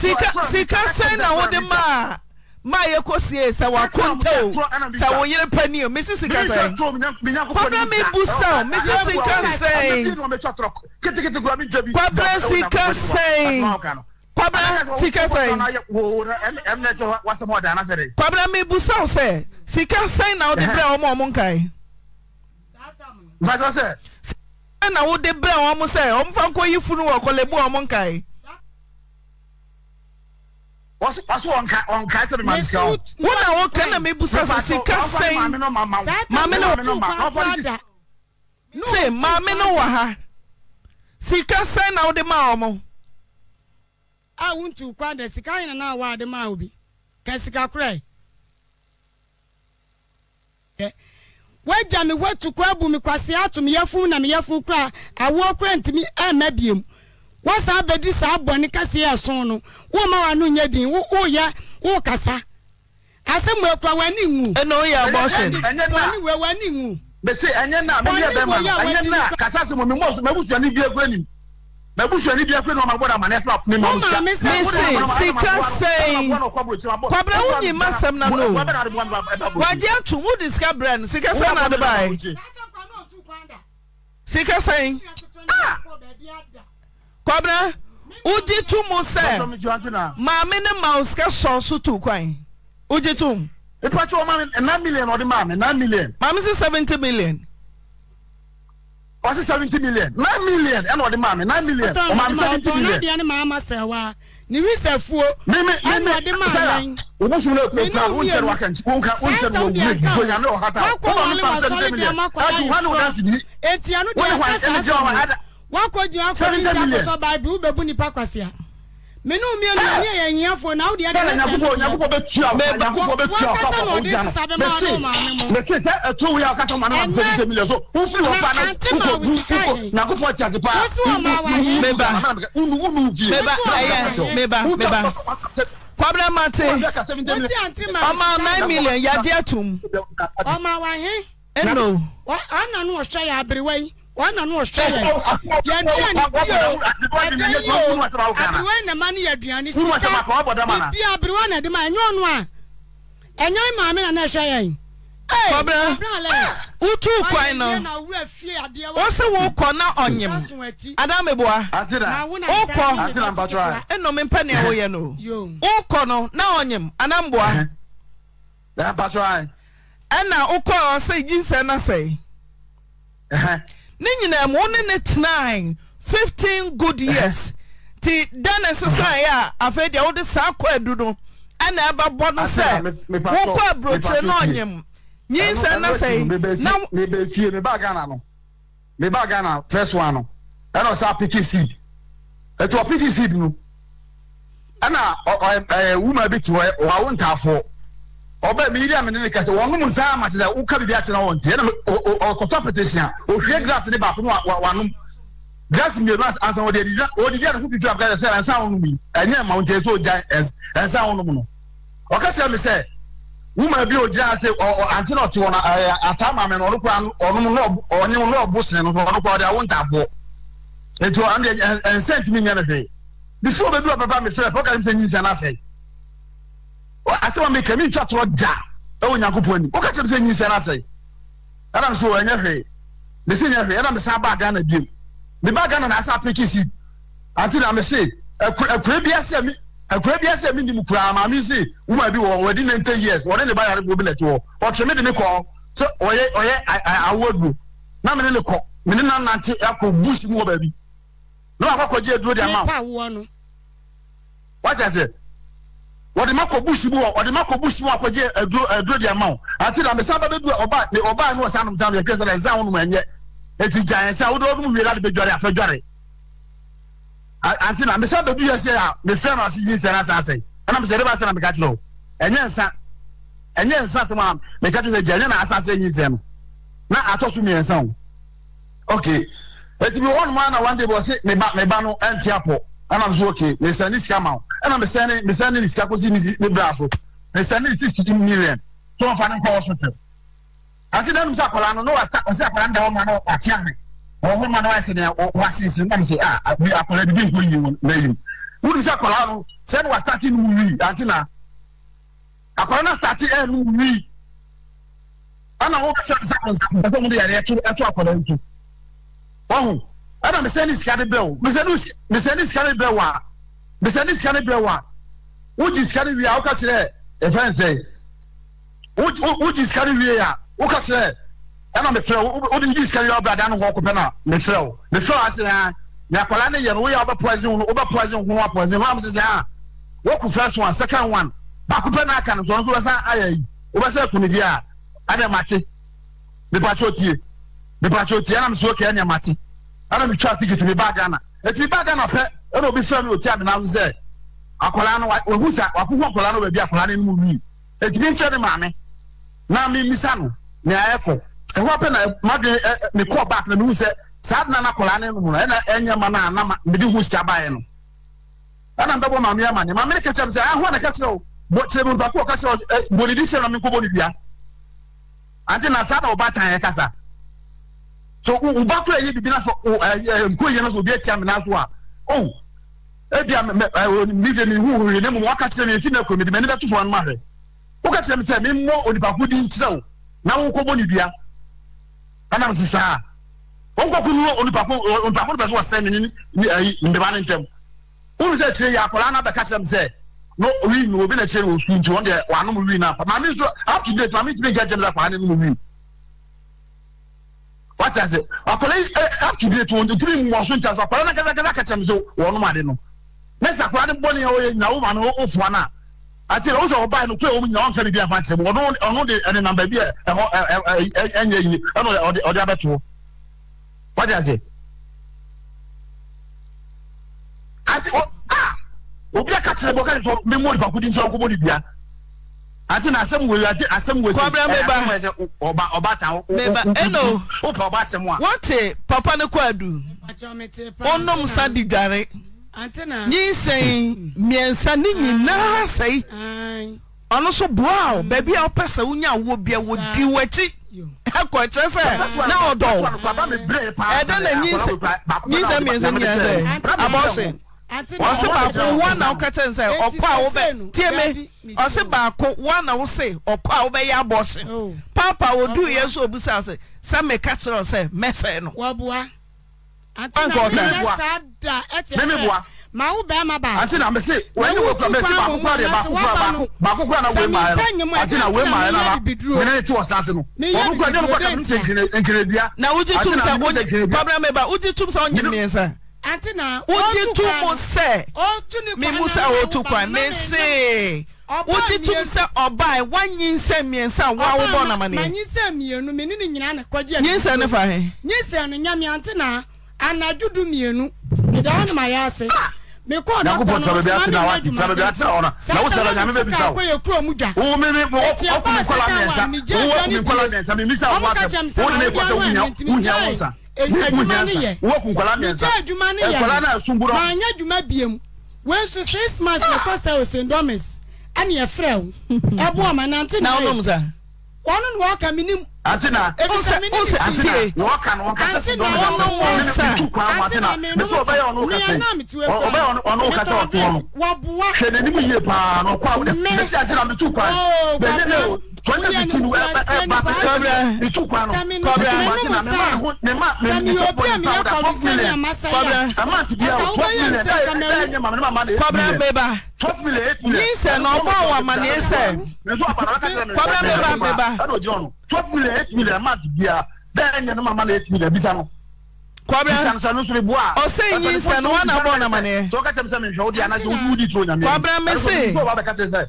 sika sika sẹ na o de ma maa yɛ kɔ sie sɛ wakonta o sɛ wo yere pɛ ni o mesi sika sɛ pɔpɛ mi bu sa o sika sɛn pɔpɛ sika sɛn pɔpɛ sika sɛn pɔpɛ mi bu sa o sɛ sika sɛn na o de bɛrɛ wɔn a wɔn nkae. sika sɛn na o de bɛrɛ wɔn sɛ wɔn fa nkɔ yi funu wɔ kɔlɛbu wɔn nkae. wona wɔka na msa ssaɛsɛ maame no wɔ ha sika sɛn na wode ma wɔ mo wo ada sika nadma sa wagya mehɔ toka abu mekwaseɛ ato meyɛfu na meyɛfu kora awoɔ kora ntimi amabim wɔn saa abɛdi saa bɔnni kɛseɛ ɛso no wɔn ma wɔn ano nyɛ din wɔyɛ wɔkasa asɛm wɔ ekura wɔn ani nwu. ɛna o yɛ abɔsɛn. ɛnyɛ na wɔn ani nwu. bɛsɛ ɛnyɛ na mi yɛ bɛn ma ɛnyɛ na kasa se mo mi mɔ mɛ busua ni bi ekura ni mɛ bi ekura ni wɔn ma bɔ dama nɛsɛ ma mi ma busua. mi se sika sɛyi kɔbɛrɛ wo nyi ma na no wagye atu wo di sika brɛ sika sɛyi na adi sika sɛyi kwabena wogye tu mu sɛ maame ne mouse kɛsɔ so to kwan wogye to mu. ipa tí o ma nine million ọdún maame nine million. maame sí seventy million. ọsí seventy million nine million ẹnna ọdún maame nine million ọmaame seventy million. ọtọ ọdún maama sẹ wa ni wi sẹ fuo ẹnna ọdún maame. obusun náà kura o n sẹni wa kẹntì o n ka o n sẹni wa wuli jọnya ní ta o ma ní pa seventy million ẹ ti wọn ni wọn dance di wọn ni wọn ẹni jẹ wọn ada wakɔgyina akɔgyina akɔsɔ baibu wobɛbu nipa kwasia mene omienu ani yɛ nyiafo na wodi ade wakasa na ɔde sisa bɛ maa ne maame mu mese sɛ ɛto wo yɛ wakasa ma ne ma sɛ sɛ million so wofiri hɔ fa na wokɔ nyankopɔn ti ase paa meba wunu wunu vie meba ɛyɛ meba meba kwabena mate ɔma nine million yade atum ɔma wahe ɛno ɔna no ɔhwɛ yɛ aberewa yi wọn nanu ọsọ yẹn yẹn di yẹn ni bi o ẹdẹ yi o abiriwa yi nama ni yẹduani sika bibi abiriwa na ẹdi ma ẹnyẹ ọnu a ẹnyẹ ọnu maame na n'ẹsẹ yẹn. kọbẹrẹ utu kwan no o si wo kọ na ọnyim adamibua o kọ enomi mpẹ ni ẹwọ yẹ no o kọ no na ọnyim anambua ẹna o kọ ọ sẹ jinsẹ na sẹ ne nyinaa mu ne ne tenae fifteen good years ti dan ɛsesan yɛ a afei deɛ wode saa kɔ adu no ɛna ɛbɛbɔ no sɛ wokɔ aburokyire na ɔnyem nyinsɛ na sɛ na mebɛfie ba ghana no ba ghana first one no ɛna ɔsɛ apeke seed ɛti ɔpeke seed no ɛna wuma bi ti hɔ wawo ntaafoɔ ọba mi yiri amene ne kasa wɔn mu nsa ama te sɛ woka biribi akyerɛ wɔn ti ɛnna ɔkɔtɔ petition ohwie glass ne baako no wanom glass mmienu ansa wɔde adi wɔde di a ne ho pipi abegada sɛ nsa ahonom yi ɛnyɛ ma nkyɛn so ogya nsa ahonom no ɔka kyerɛ mi sɛ wuma bi ogya sɛ ɔ ante na ɔte wɔn ɛɛ ata maame na ɔno kora ɔnom na ɔnye na ɔbo sene no so ɔno kora ɔde awo ntaafoɔ nti ɔno deɛ nsɛn tumi nyɛ ne hwee bifo obedu ɔpapa mi so ɛpɔ ka ne sɛ nyinsɛn n'asɛn asɛm a meka mentwa torɔ gya ɛwɔ nyankopɔn anim woka kyerɛ sɛ nyi sɛ no asɛe ɛnam so ɛnyɛ hwee me sɛ nyɛ hwee ɛna mesa baa ghana biom meba ghana na asɛ apeke si ante na mese akura bia sɛ me akura bia sɛ menim koraa maame se woma bi wɔ wɔde nante years wɔne ne bayare bobi na ɛtoɔ ɔtwe me de me kɔɔ sɛ ɔyɛ ɔyɛ awo aduo na mene ne kɔ mene na nante akɔ bush mu wɔ baabi na wakɔkɔgye aduro de ama wo wate asɛ wɔde ma kɔ bush mu hɔ wɔde ma kɔ bush mu akɔgye aduro eh, aduro eh, deɛ ma wo ati na mesan bɛbɛ du ɔbaa ne ɔbaa ne ɔsan nom san yɛ kɛsɛ na nsa ho nom ni eti gya nsa wo de ɔdum wiye lade bɛdware afɛdware ati na mesan bɛdu yɛ sɛ a mefrɛ no ase yi nsɛn na asase ɛna mesɛ ɛdeba ase na meka kyerɛ o ɛnyɛ nsa ɛnyɛ nsa asɛm a meka kyerɛ gya ɛnyɛ na asase yi nsɛn no na atɔ so mmiɛnsa o okay eti bi wɔn mu ana one day bɔ se ɛna nso okay mesɛn ne sika ma wo ɛna mesɛn ne mesɛn ne ne sika kosi ne ne bra so mesɛn ne sixty million tó n fa ne nkɔ hospital ati dɛnum sɛ akwaraa no no wa sa ɔsi akwaraa no da hɔ ma no ati ame wɔn ho ma no ɛsɛ nea wasisi nam sɛ a bi bi bi nkɔ yi wɔn na mu wuli sɛ akwaraa no sɛ ne wa starti no mu wi ati na akwaraa na starti ɛyɛ no mu wi ɛna wɔn kasa sɛ ɔnsa sɛ ɔmo de yɛrɛ ɛto ɛto akwaraa nto wɔn ho ɛna mesɛ ne sika ne brɛ wo mesɛ ne sika ne brɛ wo a mesɛ ne sika ne brɛ wo a wogye sika ne wie a woka kyerɛ ɛfɛn sɛ wogye sika ne wie a woka kyerɛ ɛna mefrɛ wo wode megye sika wie a wobrada no wɔkɔpɛ no a mefrɛ wo mefrɛ wo ase aa ne akwara ne yɛ no woyɛ a wobɛpoison wobɛpoison ho apoison ho a mesɛ sɛ a ah, woku first one second one baako pɛ no aka no so ɔno so wobɛsa ayɛ yi wobɛsa aku ne deɛ a adɛ mate mepatwɛ tie mepatwɛ tie ɛna mesɛ okɛ ɛneɛ mate ana metwa ticket me baa ghana ɛti me baa ghana pɛ ɛna obi oti sɛ no sa no baabi no wi bi ne maame na me misa no na ɛkɔ ɛhɔ pɛ na madwe ɛ ne kɔɔ na mehu sɛ saa ade na na no anim no ɛna ɛnyɛ ma na anam mede hu sika baeɛ no ɛna mbɛbɔ maame ama ne maame ne na kɛkyerɛ o bɔ kyerɛ mi e, na me na saa na kasa so ụba kura eyi bibi n'afọ eh, eh, nkuo yi n'afọ obi etia m n'afọ a o oh, ebi a mmiri eh, mi hu huri ne mu waka kyerɛ mi efi na ekuro mi di mɛ ne bɛ tufu anum ahwɛ woka kyerɛ mi sɛ mi mmɔ onipako di nkyerɛ o na wokɔ bɔ ne dua anam sisaa wonkɔko nu onipako onipako no bɛ so wɔ sɛn mi ni ɛyi mbɛba ne ntɛm wuru sɛ kyerɛ yɛ akɔla ana bɛka kyerɛ mi sɛ no owi obi na kyerɛ wɔ sukuu nti wɔn deɛ wɔanom wi na maame nso up to date maame ntumi mi sɛ wata ase akwadaa yi up to date wɔn tiri mu ɔso nkyɛn so akwadaa na kasa kasa kasa mi so wɔn mu ade no ne sɛ akwadaa ne bɔ ne yɛ nyina wɔn ma no ofua na ati na wosɛ ɔbaa yi no kura wɔn nyina wɔn fɛ bibi afa kyerɛ mu ɔno ɔno de ɛne namba bi ɛhɔ ɛɛ ɛnyɛ yi ɛna ɔde ɔde abɛto wata ase ati ɔ a obi aka kyerɛ bɔ kɛse so mi mu onipa kudi nkyɛn ɔkɔ bɔ ati na asɛm wei ati asɛm wei sɛ ɛɛ asɛm wei tan o meba ɛnno wopɛ ɔba asɛm a. wɔte papa ne kɔ adu onom sa di dware nyinsɛn mmiɛnsa ne nyinaa sɛi ɔno so boa o baabi a wopɛ sɛ wonya awoɔ bia wodi w'akyi ɛkɔ kyerɛ sɛ na ɔdɔ ɛdɛ na nyinsɛn mmiɛnsa nyinaa sɛ abɔhyɛ. ɔse baako woana woka kyɛne sɛ ɔkɔ a wobɛ tie me ɔse baako wa wo se ɔkɔ a wobɛyɛ abɔhye papa wɔduu yɛ so obusaa sɛ sɛ meka kyerɛ sɛ mɛsɛe no meboa ma wo bɛrima baa ati na mese wɔyɛ wɔ kura mese baako kura deɛ baako kura baako baako kura na wɔn maa yɛ no ati na wɔn maa yɛ no ama mene ti wɔ saase no wɔn kura deɛ no kura kanu sɛ nkiredua na wogye tum sɛ wogye pabra meba wogye tum ati na wotu kwan no wotu ni kwan na wotu kwan wotu kwan ne se wotu tum sɛ ɔbaa wanyi nsɛ mmiɛnsa a wawobɔ na ma ne yɛ. ɔbaa ma nyi nsɛ mmienu mi ne ne nyinaa na kɔgye. nyi nsɛ ne fa he. nyi nsɛ ne nyame ati na anadu du mmienu meda hɔ nom ayɛ ase mekɔ ɔdɔ tɔ no ɔsɛ maa mi ma dwuma saa sɛ ɔdɔ sika akɔ yɛ kuro mu gya eti ɛkɔ asɛ kan wa mi gye ɛdɔ ni bi ɔmu kakyɛ mi sɛ maa mi bi ɔmu ɛmi ti mi gya yi adwuma ne eh, yɛ mete adwuma ne yɛ maanyɛ adwuma biem woesu six months na kɔ sɛ osin dɔmis ɛne yɛfrɛ wo ɛboa ma nante na wɔnom sa wɔno na wɔka menim antina antina wɔka no wɔnkasa si kasa ɔbɛyɛ kasa ɔtoɔ no hwɛ n'anim yie paa na ɔkɔ a oh, ne si antina twenty fifteen ẹ ẹ ba ẹ itu kwan no kọbẹ ẹ na mi maa ho mi maa mi mi tọ bọyì pa ọdà twelve million kọbẹ ẹ maa ti bi ẹ twelve million ẹ ẹ ẹ nye maame ne maama na eight million kọbẹ bẹba twelve million eight million ní sẹ na ọmọ àwọn àmà ní sẹ kọbẹ bẹba bẹba ẹ n'o jẹ ọnu twelve million eight million ẹ maa ti bi ẹ bẹẹ ẹ nye ne maama na eight million bisa no kɔbrɛ ɔsɛ nyi nsɛ no wana bɔ namane kɔbrɛ me se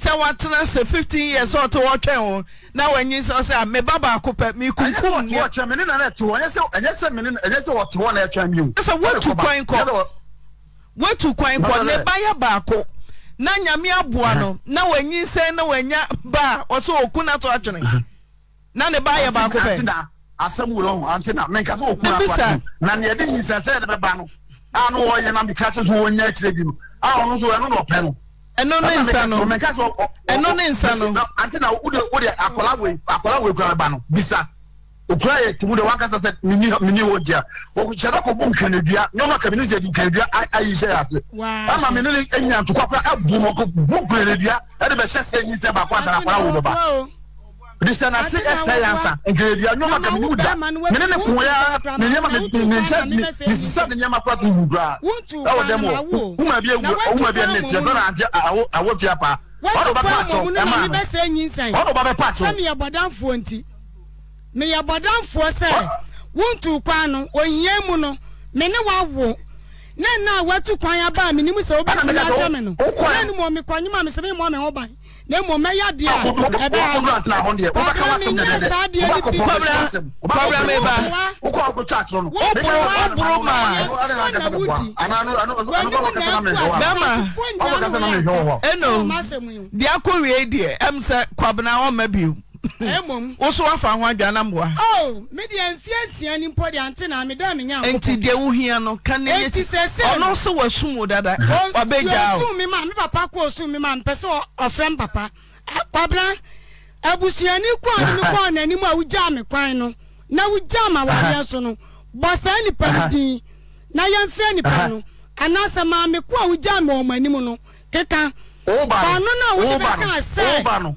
sɛ watena sɛ 15 years ɔte wɔtwɛn o na wɔnyi sɛ ɔsɛ a ah, meba baako pɛ mi kunkum ni. ɛnyɛ sɛ wɔtwɛn mi ni na ɛte hɔ ɛnyɛ sɛ ɛnyɛ sɛ mi ni ɛnyɛ sɛ wɔte hɔ na ɛtwɛn mi o. ɛsɛ wotu kwan kɔ wotu kwan kɔ ne ba yɛ baako na nyame aboa no na wɔnyi sɛ na wɔnya ba a ɔsɛ oku na to atwene na ne ba yɛ baako pɛ. asɛm wura ho ante na mɛnka sɛ oku na to na nea yɛde nyinsɛn sɛ yɛde bɛba no a no wɔyɛ na mi ka so wɔnya akyire bi no a ɔno nso ɛno na ɔpɛ no ɛno ne nsa no ɛno ne nsa no ante na wode wode akɔla wei akɔla wei kura ba no bisa okura yɛ timu de wakasa sɛ mini mini wo dia wɔkyɛ dɛ kɔbɔ nkwanadua nyɔma kabini sɛ nkwanadua ayi hyɛ ase ama mene ne anya ntokwa kora abu no kɔ bu nkwanadua ɛde bɛhyɛ sɛ nyi sɛ baako asara akɔla wo bɛba disɛ na se ɛsɛ yɛ ansa nkɛyɛdua nyɔma ka minimu da mene ne koya ne nyɛma ne nkyɛn ne sisa ne nyɛma kora tun wudura ɛwɔ dɛm o kuma bi ewu kuma bi ɛnɛ tiɛ dɔnna adi awo awo tia pa ɔdɔ ba pa atɔ ɛma ɔdɔ ba bɛ pa atɔ. sami abɔdanfoɔ nti mi abɔdanfoɔ sɛ wuntu kwan no ohia mu no mi ne wa wo ne na watu kwan ya ba mi nimu sɛ obi ti na atwa mi no ne numu omi kwan nyuma mi sɛ mi mu ɔmi ho ban diya, na mmom mɛyɛ deɛ ɛbɛyɛ ɔkɔmenyɛ saa deɛ ne bi kɔbra meba woboro woboro ma ɛfoɔ na wodi w'anim na ɛbu asafoɔ nyinaa no wɔ ɛno deɛ akɔwie deɛ ɛm sɛ kwabena ɔma bio Eh, woso wafa ho adwa na mboa oh, medeɛ mfie asia ni mpɔ de ante na meda menya nti deɛ wohia no ka ne ɔno so wasum wo dada wabɛgyaa wo me ma me papa kɔ ɔsum me ma mpɛ sɛ ɔfrɛ m papa kwabra abusuani kɔ ne me kɔɔ n'anim a wogyaa me kwan no na wogyaa ma wareɛ so no bɔ saa nnipa no din na yɛmfrɛ nnipa no anaasɛ maame ko a wogyaa me wɔ m'anim no keka ba no na wode bɛka sɛ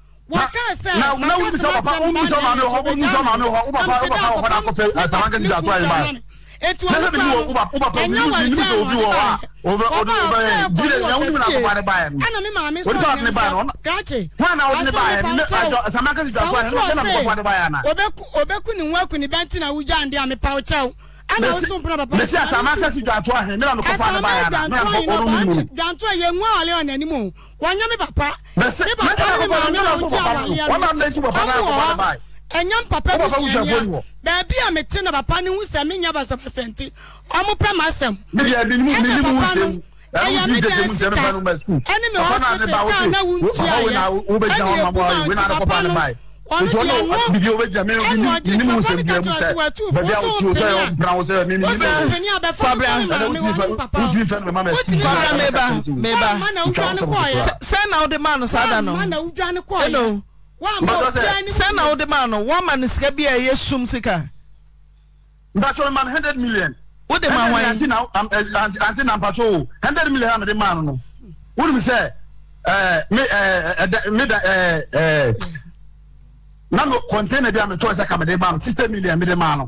wakan sɛ wakan sɛ wakan sɛ maame hɔ wɔn sɛ maame hɔ wɔn papa wɔn papa wɔn fana akɔfɛ asamanke ti ato ayi maa etu ɔbɛ bi wɔ wɔn papa wɔn bi wɔn bi obi wɔ hɔ a ɔbɛ ɔdi ɔbɛ jire ɛwɔ nimu na akɔba ne ba yɛ mi ɛna mi maame sɔrɔ ɔdi ɔdi ne ba yɛ no kakye hɔn na ɔdi ne ba yɛ mi ɛjɔ asamanke ti ato ayi maa ɛna mi kɔba ne ba yɛ ana. obeku ni nwa ku ni bɛnti na awuja andi ami pa ɔkyɛw mesi asama sẹsi dwanto ahen mi na no kọfọ anaba yana mi na no kọfọ ọdun mu. dwanto yẹ nwa wale ọ n'anim o wọn nye mi papa. bẹsẹ mi na no kọfọ anaba wọn ti awale ya wọn na esi papa náà kọfọ anaba yi. ẹnyẹ mpapa bi sùn yẹn bẹẹbi a mi ti na papa ni n sẹ mi nya basabasa nti ọmọ pẹ ma sẹm. mi di ẹbi nimu mi nimu n sẹm ẹyẹ mi di ẹsi ta ẹni mi hospital kaa na wun ti ayẹ ẹni ebu na nti papa no ɔno deɛ wɔ ɛna ɔgye kɔpɔni kata ɔsuwa tu fosu mpini a fosu mpini a bɛfɔ ɔkɔni maame wɔn papa o wotumi wura meba meba mana wudwa ne kɔɔyɛ sɛn na ɔde maa no saa da no mana wudwa ne kɔɔyɛ sɛn na ɔde maa no wɔn ma ne sika bi a ɛyɛ sum sika. mpatso million na no container bi a metɔ sɛ kamede maa no sixty million mede maa no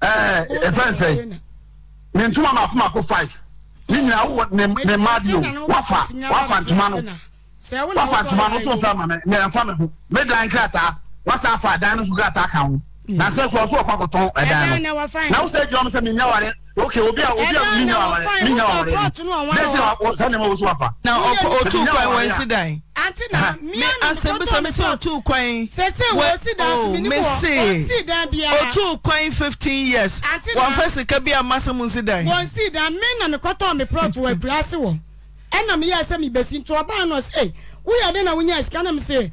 ɛɛ eh, oh, ɛfɛn sɛ ne ntoma maako maako five ne nyinaa wɔ ne ne mmaa di o wafa wafa ntoma no wafa ntoma no so fɛ ama mɛ mɛ nfa mi ho mɛ dan krataa wasa afa dan no so krataa ka ho na sɛ kura so ɔkɔ akɔtɔn ɛdan no na wosɛ gyina ɔmo sɛ mi nya ware ok obi a obi a mi nya ware mi nya ware ne ti wa sani ma wosu wafa. na ɔkɔ otu kwan wɔ nsi dan. ati na mi asembisa mi se otu kwan. sese wo si dan sumi ni wɔ osi dan bia. otu kwan fifteen years wɔn fɛ sika bi a ma se mu nsi dan. wɔn si dan mi na mi kɔtɔ mi plot wɔ ebira si wɔ ɛna mi yɛ sɛ mi besi nti ɔbaa nɔ se woyɛ de na wonya sika na mi se.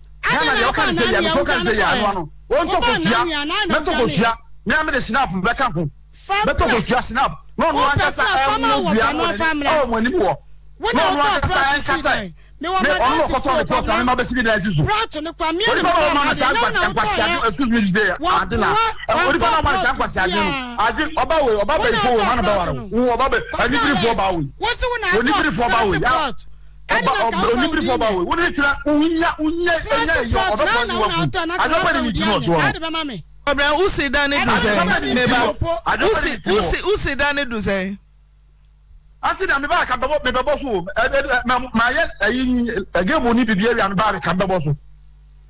ghana deɛ ɔka nsɛ yɛ mekɔ ka nsɛ yɛ anoa no wɔntɔ kɔfia mɛtɔ kɔfia me a mede snap bɛka ho mɛtɔ kɔfia snap na ɔno ankasa ɛwodua ɛwɔ mo anim wɔ na ɔno ankasa ɛnkasa ɔno ɔkɔtɔ ne kɔpa mema bɛsi bi na asi so onipa na ɔma no saa nkwasiade excuse me dise ade na onipa na ɔma no saa nkwasiade no ade ɔba wei ɔba bɛyifo wei ma no bɛware wo ɔba bɛ anibirifoɔ ba wei onibirifoɔ ba wei ọba ọba onibiri fọba o wọn ni tira unya unya enya eyi ọdọ bọ ni wọn kun adọba ni yi jumọ tọ. ọbẹ usi dani dusẹ mẹba usi usi usi dani dusẹ. asi na mẹba ka bẹbọ mẹbẹbọ so ẹ ẹ maa yẹ ẹyi ni ẹgẹbu ni bibi ewia ni baari ka bẹbọ so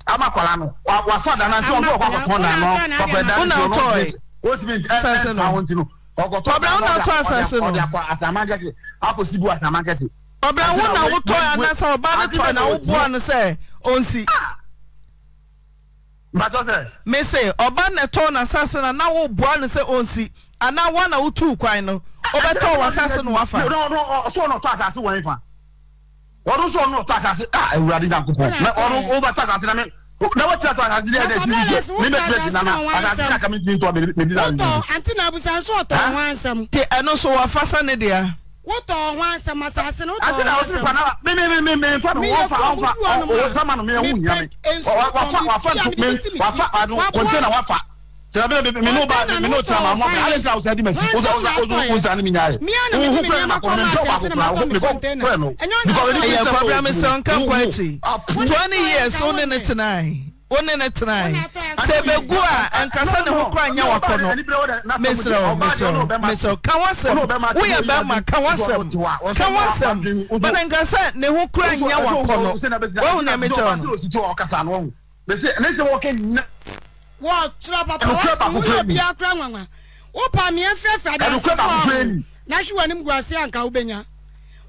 ama kọla no wa wa fa dana si ọdún ọkọ akọkọ na nọ ọkọ ẹdá ni ọdún wotumi ẹ ẹ nsa wọn ti no ọkọ tọ ọbẹ ọdún ọkọ asase no ọdún akọ asaman kẹsì akọ sibu asaman kẹsì. ọbẹ̀rẹ̀ wo na wotọ́ ẹ̀ anasa ọba ne na wo bọ́ ọ́n sẹ́ ọ̀nsì. mbàtọ́ sẹ́. ọba na tọ́ ah! na sase na na wo bọ́ ọ́n sẹ́ ọ̀nsì àná wọn na wotu kwan no ọbẹ̀ tọ́ wọ sase na wafa. ọ̀sọ́ ọ̀nà ọ̀tọ́ asase wọ̀ ẹ̀fà ọdún sọ ọ̀nà ọ̀tọ́ asase ah ewurade dà kókó ọdún ọba tọ́ asase na mi na wọ́n ti ra tọ́ asase díẹ̀ dẹ̀ sini jẹ ní bẹ́ẹ̀ tẹ́lẹ̀ nana asase náà kàmi ti ní tọ́ mi ní bí dáa nìyẹn. ọtọ nàbùsà ọtọ wọn ànsẹm. ti ẹnu sọ wà fásánì dìá. wotɔ ho asɛm asase no wotɔ ho asɛm mmemmemmemfa no wɔfa wɔfa wɔfa ma no mea wo nyame wafa wafa ntome wafa ano kɔntena wafa tẹlifɛ bɛ mi n'o ba mi n'o tẹ a ma mɔ mi ale tila o sɛ di mɛ o sɛ o sɛ o sɛ o sɛ ni mi y'a ye o ko pɛrɛn na kɔnɔ n tɛ ba ko kura o mi ko pɛrɛn no. ɛyɛ kɔbila mi sɛ n ka kɔ ɛkyi twenty years o ni ne tena ye. wone ne terasɛ bɛgu a ankasɛ ne ho kora nya wɔnɛɛ wsɛm ae nkasɛ ne ho kora nya wakɔnunk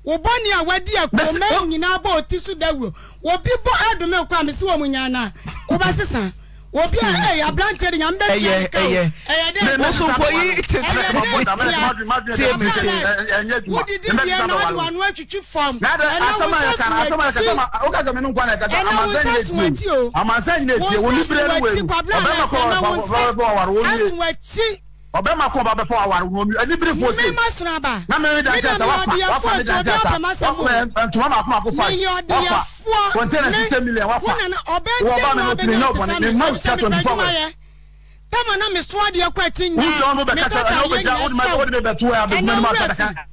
wo bɔ ni a wadi akuroma nyinaa bɔ oti so dawuro obi bɔ adome kura mi si wɔn mu nyaana wo ba sisan obi a ɛyɛ aberanteɛ de nyame bɛ tiɛ nka o ɛyɛ de ɛkɔ nkoyi ɛyɛ de tia wodidi diɛ na wadi wanu atwitwi fam ɛna wuta suwɛti ɛna wuta suwɛti o wuta suwɛti kwabila ɛna wuta suwɛti asuwɛti ọbẹ̀ma kọ́ ọba bẹ̀fọ́ awari wọn ni ẹni biri fo se. mímọ sùn àbá na mi da jẹ sa wafa wafa mi da jẹ sa wafa ntoma mako mako fa yi wafa kọntẹnẹ si ten million wafa wọ ọba mi n'otu ni n'otu ni mma mi sika twenty four hours. tẹ́mọ̀ náà mi sún adìyẹ kọ́ ẹ̀ ti ń yá mi bá ta yé yẹn sẹ́wọ̀ ẹ̀nà wúlò fún mi.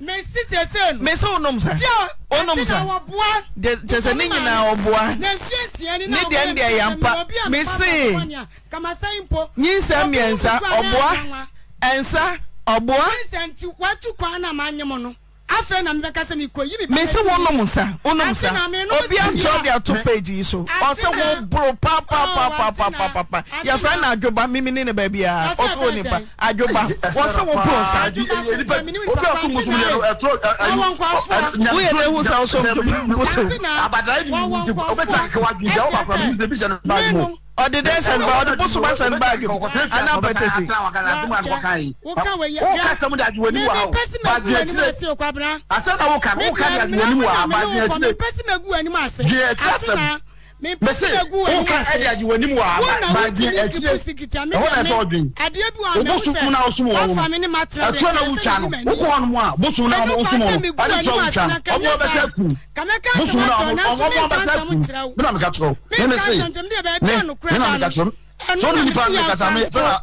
mesi sese no. mesi onom sa. tia onom sa kyɛ sɛ ne nyinaa ɔboa ne deɛ ndeɛ yampa mesi nyinsɛ mmiɛnsa ɔboa ɛnsa ɔboa. afei na mebɛka sɛ mekɔyi me mese wonom nsa wonom nsa obi ankyerɛ de ato page yi so ɔsɛ woboro papapapapapapa yɛfrɛ no adwoba memene ne baabiaa ɔsɛ wɔ nipa adwoba ɔsɛ woboro nsa woyɛ dɛ hu sa wosɛ wodwobo so ọdị dị esen baa ọdị bụsụ gba sen baagi m ana apatasi. wụka wee ya wụka asem dị adị wani wa ahụ baagi ekyire asem na wụka wụka dị adị wani wa ahụ baagi ekyire mese woka ɛde agye w'anim wɔ abadeɛ akyire ɛhɔ na ɛsɛ ɔdwen wobɔso funu na wosom wɔ wo ɛtoa na wotwa no wokɔ hɔ mu a bosom na wosom wɔ ade toa wotwa ɔmo bɛsɛ ku bosom na ɔmo bɛsɛ ku mena meka kyerɛ wo meme se mena meka kyerɛ wo sɛ ɔno nipa mekasa mepɛsa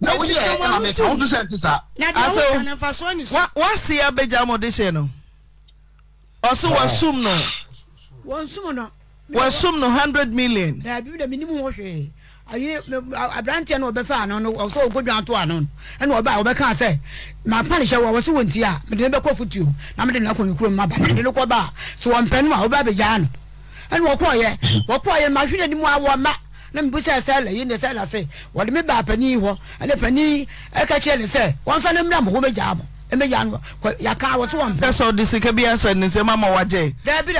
na wọ́n yẹ ẹ̀ka mi kàn wọ́n tún ṣe ti sa. ase wọ́n si abẹ́jà ọmọdé ṣe no ọ̀sùn wọ́n sùn nù. wọ́n sùn nù. wọ́n sùn nù hundred million. bẹẹbi dẹbi ni mu wọ́n hwẹ ayi abiranteɛ no ɔbɛfɛ ano no ɔsɛ ogodwa ato ano no ɛna ɔba a ɔbɛka sɛ maa pa ne hyɛ wɔ wɔsi wɔ nti a mede ne bɛkɔ futuo mu na mede ne akɔ ne kurom aba mede ne kɔ ba a so wɔn pɛ no a ɔbɛ abɛgyaa no ɛna wɔkɔɔyɛ wɔkɔɔyɛ maa hwene ne mu awɔ ma na mebisa sɛ layi ne sɛ nase wɔde me baa panin hɔ ɛne panin ɛka kyerɛ ne sɛ wɔmfa no mmra mo ho mɛgyaa mo ɛmɛgyaa no yɛka wɔ so wɔmpɛ sɛ ɔde sika bi ahyɛ ne nsɛm ama wagye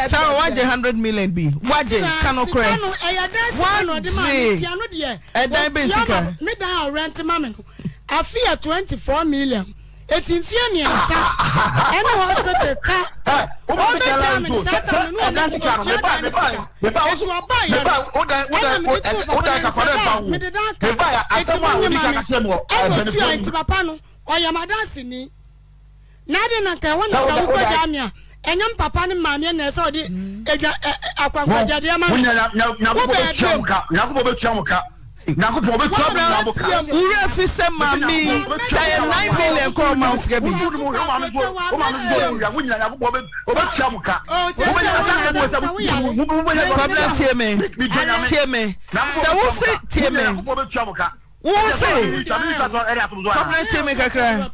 saa wagye 100 million bi wagye ka no korɛ wagye ɛdan bɛ sika afi yɛ 24 million eti nfiɛ mmiɛnsa ɛna hospital ka ɔbɛgya mi satan mi nu ɔmo ɔkye dan mi sika eti ɔba yɛ no ɛna mi de tu ɔba yɛ nsɛm a mi de dan ka eti mo nyima mi ɛna otu a eti papa no ɔyɛ madansi ni n'ade na nka ɛwɔ na nka wukɔ gya mi a ɛnyɛ papa ne maame na ɛsɛ ɔde akwankwajadeɛ ma mi wobɛɛ bio nyankopɔn bɛtua bɛnya mo ka wura fi sɛ maame da yɛ nine million kɔɔ ma sika bi wo maame bo wo maame bo wura wo nyina nyankopɔn ɔbɛtua mo ka wo bɛnya sɛ mo sɛ mo mo bɛnya kɔbla tie me tie me sɛ wo se tie me wo se kɔbla tie me kakra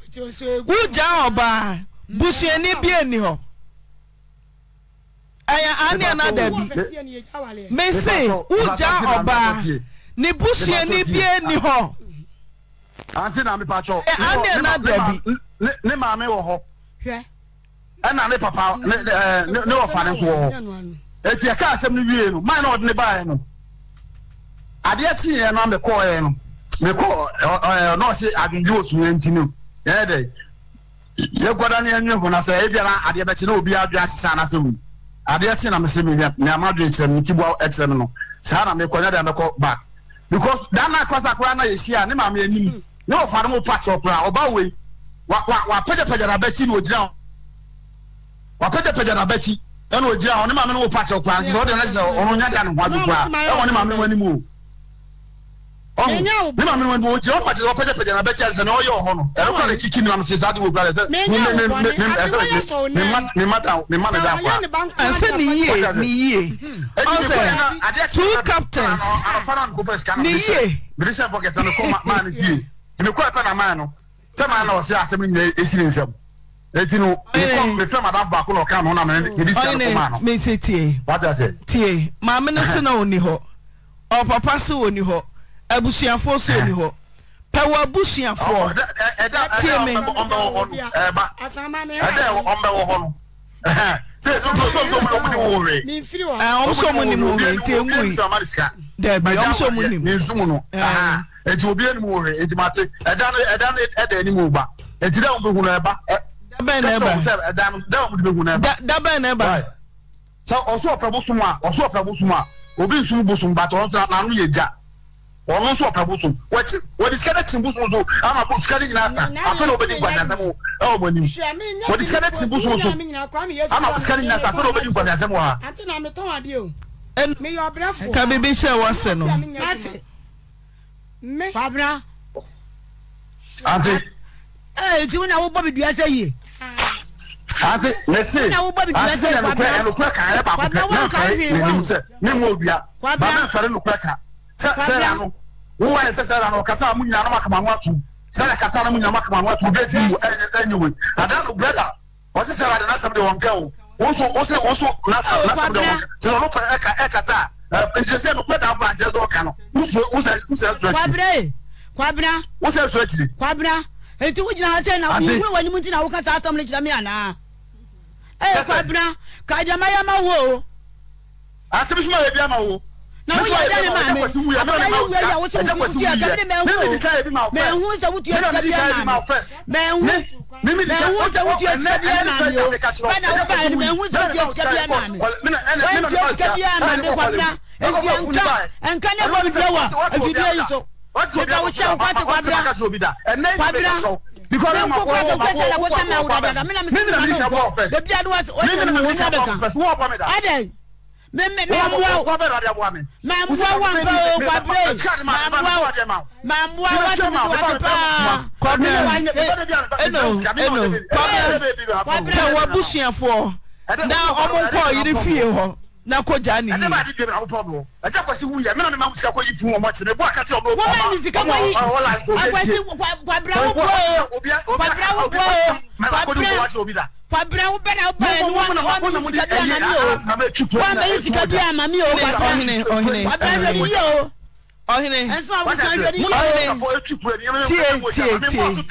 wo gya ɔbaa busuani bi ani hɔ ɛyɛ ane anadabi mese wo gya ɔbaa Ni busuani bie ni hɔ Ante na eh, na dabi ne maame wɔ hɔ ɛna papa eh, ne nso wɔ hɔ no maa na ɔde ne baeɛ no adeɛ kyeeɛ no a no mekɔ ɛɛ na sɛ ebiara adeɛ na obi adwe asesa anasɛ wui adeɛ kyee na mesɛ mi nea ma adwe kyerɛ mi ti bu ɛkyerɛ mi no saa na mekɔ mekɔ because dan na akwasa koraa na yɛsi a ne maame anim mm. ne wɔfa no mu pass ɔkora wei wa wa wapagyapagya n'abɛti na ogyina hɔ wapagyapagya n'abɛti ɛna ogyina hɔ ne maame no mu pass ɔkora nti sɛ ɔde ne nya da o. ne maame no wɔgyina ɔma kyerɛ ɔpɛgyapɛgya na bɛkyɛ sɛ na ɔyɛ ɔhɔ no ɛno kora ne kiki nam sɛ saa de wɔ kura sɛ mema ne dakoaɛsɛ ne yie ne yie ɔsɛ two captains ne yie mede sɛ bɔkɛta no kɔ maa no fie nti mekɔ ɛpɛ na maa no sɛ maa na ɔsɛ asɛm nyina ɛsi ne nsɛm ɛti no mefrɛ madamfo baako na ɔka no ho na mede sika no kɔ maa no mese tie tie maame no so na ɔni hɔ ɔpapa so ɔni hɔ abusuafoɔ so ni hɔ pɛwɔ abusuafoɔ tie me. ɔm so mu nim wɔwɛ nti ɛngui dabi ɔm so mu nim nti obi anim wɔwɛ nti mate ɛda no ɛda no ɛda anim ɔba nti dɛ ɔmo hunu ɛba dabɛn na ɛba dɛ ɔmo de hunu ɛba dabɛn na ɛba sɛ ɔso ɔfɛ bosom a ɔso ɔfɛ bosom a obi nsum bosom bata ɔno so n'ano yɛ gya ɔno nso ɔpɛ bosom wɔkyi wɔde sika no kyi bosom so ama bo sika no nyinaa sa afei na ɔbɛdi nkwaseasɛm wɔ ɛwɔ mo anim wɔde sika no kyi bosom so ama bo sika no nyinaa sa afei na ɔbɛdi nkwaseasɛm wɔ ha. nka biribi hyɛ wɔ se no. kwabra. ante. ee tí wọn na wọ́n bọ́ mi dùn ẹsẹ̀ yìí. ante mesi ase na nukura nukura kan ayɛ baako pɛ n'a fɔre ne nim sɛ ne ŋun o bia maa mi fɔre nukura kan sɛra no wowɔ yɛ sɛ sɛra no kasa mu nyinaa no makama ho ato sɛra kasa no mu nyinaa makama ho ato obɛdi mu ɛnyɛ wei ada no brɛda ɔse sɛra de n'asɛm de wɔn kɛ o woso wose woso n'asɛm de wɔn kɛ sɛ ɔno pɛ ɛka ɛkasa a nsɛsɛ no brɛda ba nkyɛn sɛ ɔka no wosɛ wosɛ wosɛ ɛsɔ akyiri kwabena wosɛ ɛsɔ akyiri kwabena eti wo gyina ha sɛ na wohuru wɔ anim nti na wokasa asɛm no kyerɛ me anaa ɛyɛ kwabena kagyama yɛ ma wo o asɛm bi ama wo na wo yɛ da ne maame ababa yi wura yɛ woso wotu tuya kabini mɛ nhu mɛ nhu sɛ wotu yɛ sika biya maame mɛ nhu mɛ nhu sɛ wotu yɛ sika biya maame o bana wo ba yɛlɛ mɛ nhu sɛ wotu yɛ sika biya maame wɔn tu yɛ sika biya maame kwabra eti nka nka ne bɔ nsia wa afidie yi so nipa wo kyɛn kwa te kwabra kwabra because ma ko ko ko sɛ na wo sɛ mɛ awura dada mi na mi sɛ mi ma n'o bɔ ebi adi wa o yɛ mɛ mi wo sɛ bɛ kan adai me me me mwa wo ma mwa wo mpa o kwa bre ma to mi na ọmụ nkọ yiri fie hɔ na ko gya ne yie. ɛnna adi gbẹmí àwọn pọbù ɛjá kwasi wu yẹ mí nàní ma wusi akọ yìí fún ọmọ kyerè bu akatsi ọdún ọmọ ọmọ ọmọ ọlá nkọ bẹẹ tiẹ kwabira wo bọ o kwabira wo bọ o kwabira wo bẹ na bọ ẹ ni wọn wọn mi sika di ama mi o wọn bẹ yi sika di ama mi o kwabira kwabira yẹ mi yẹ o. ɔhene ɔhene tie tie tie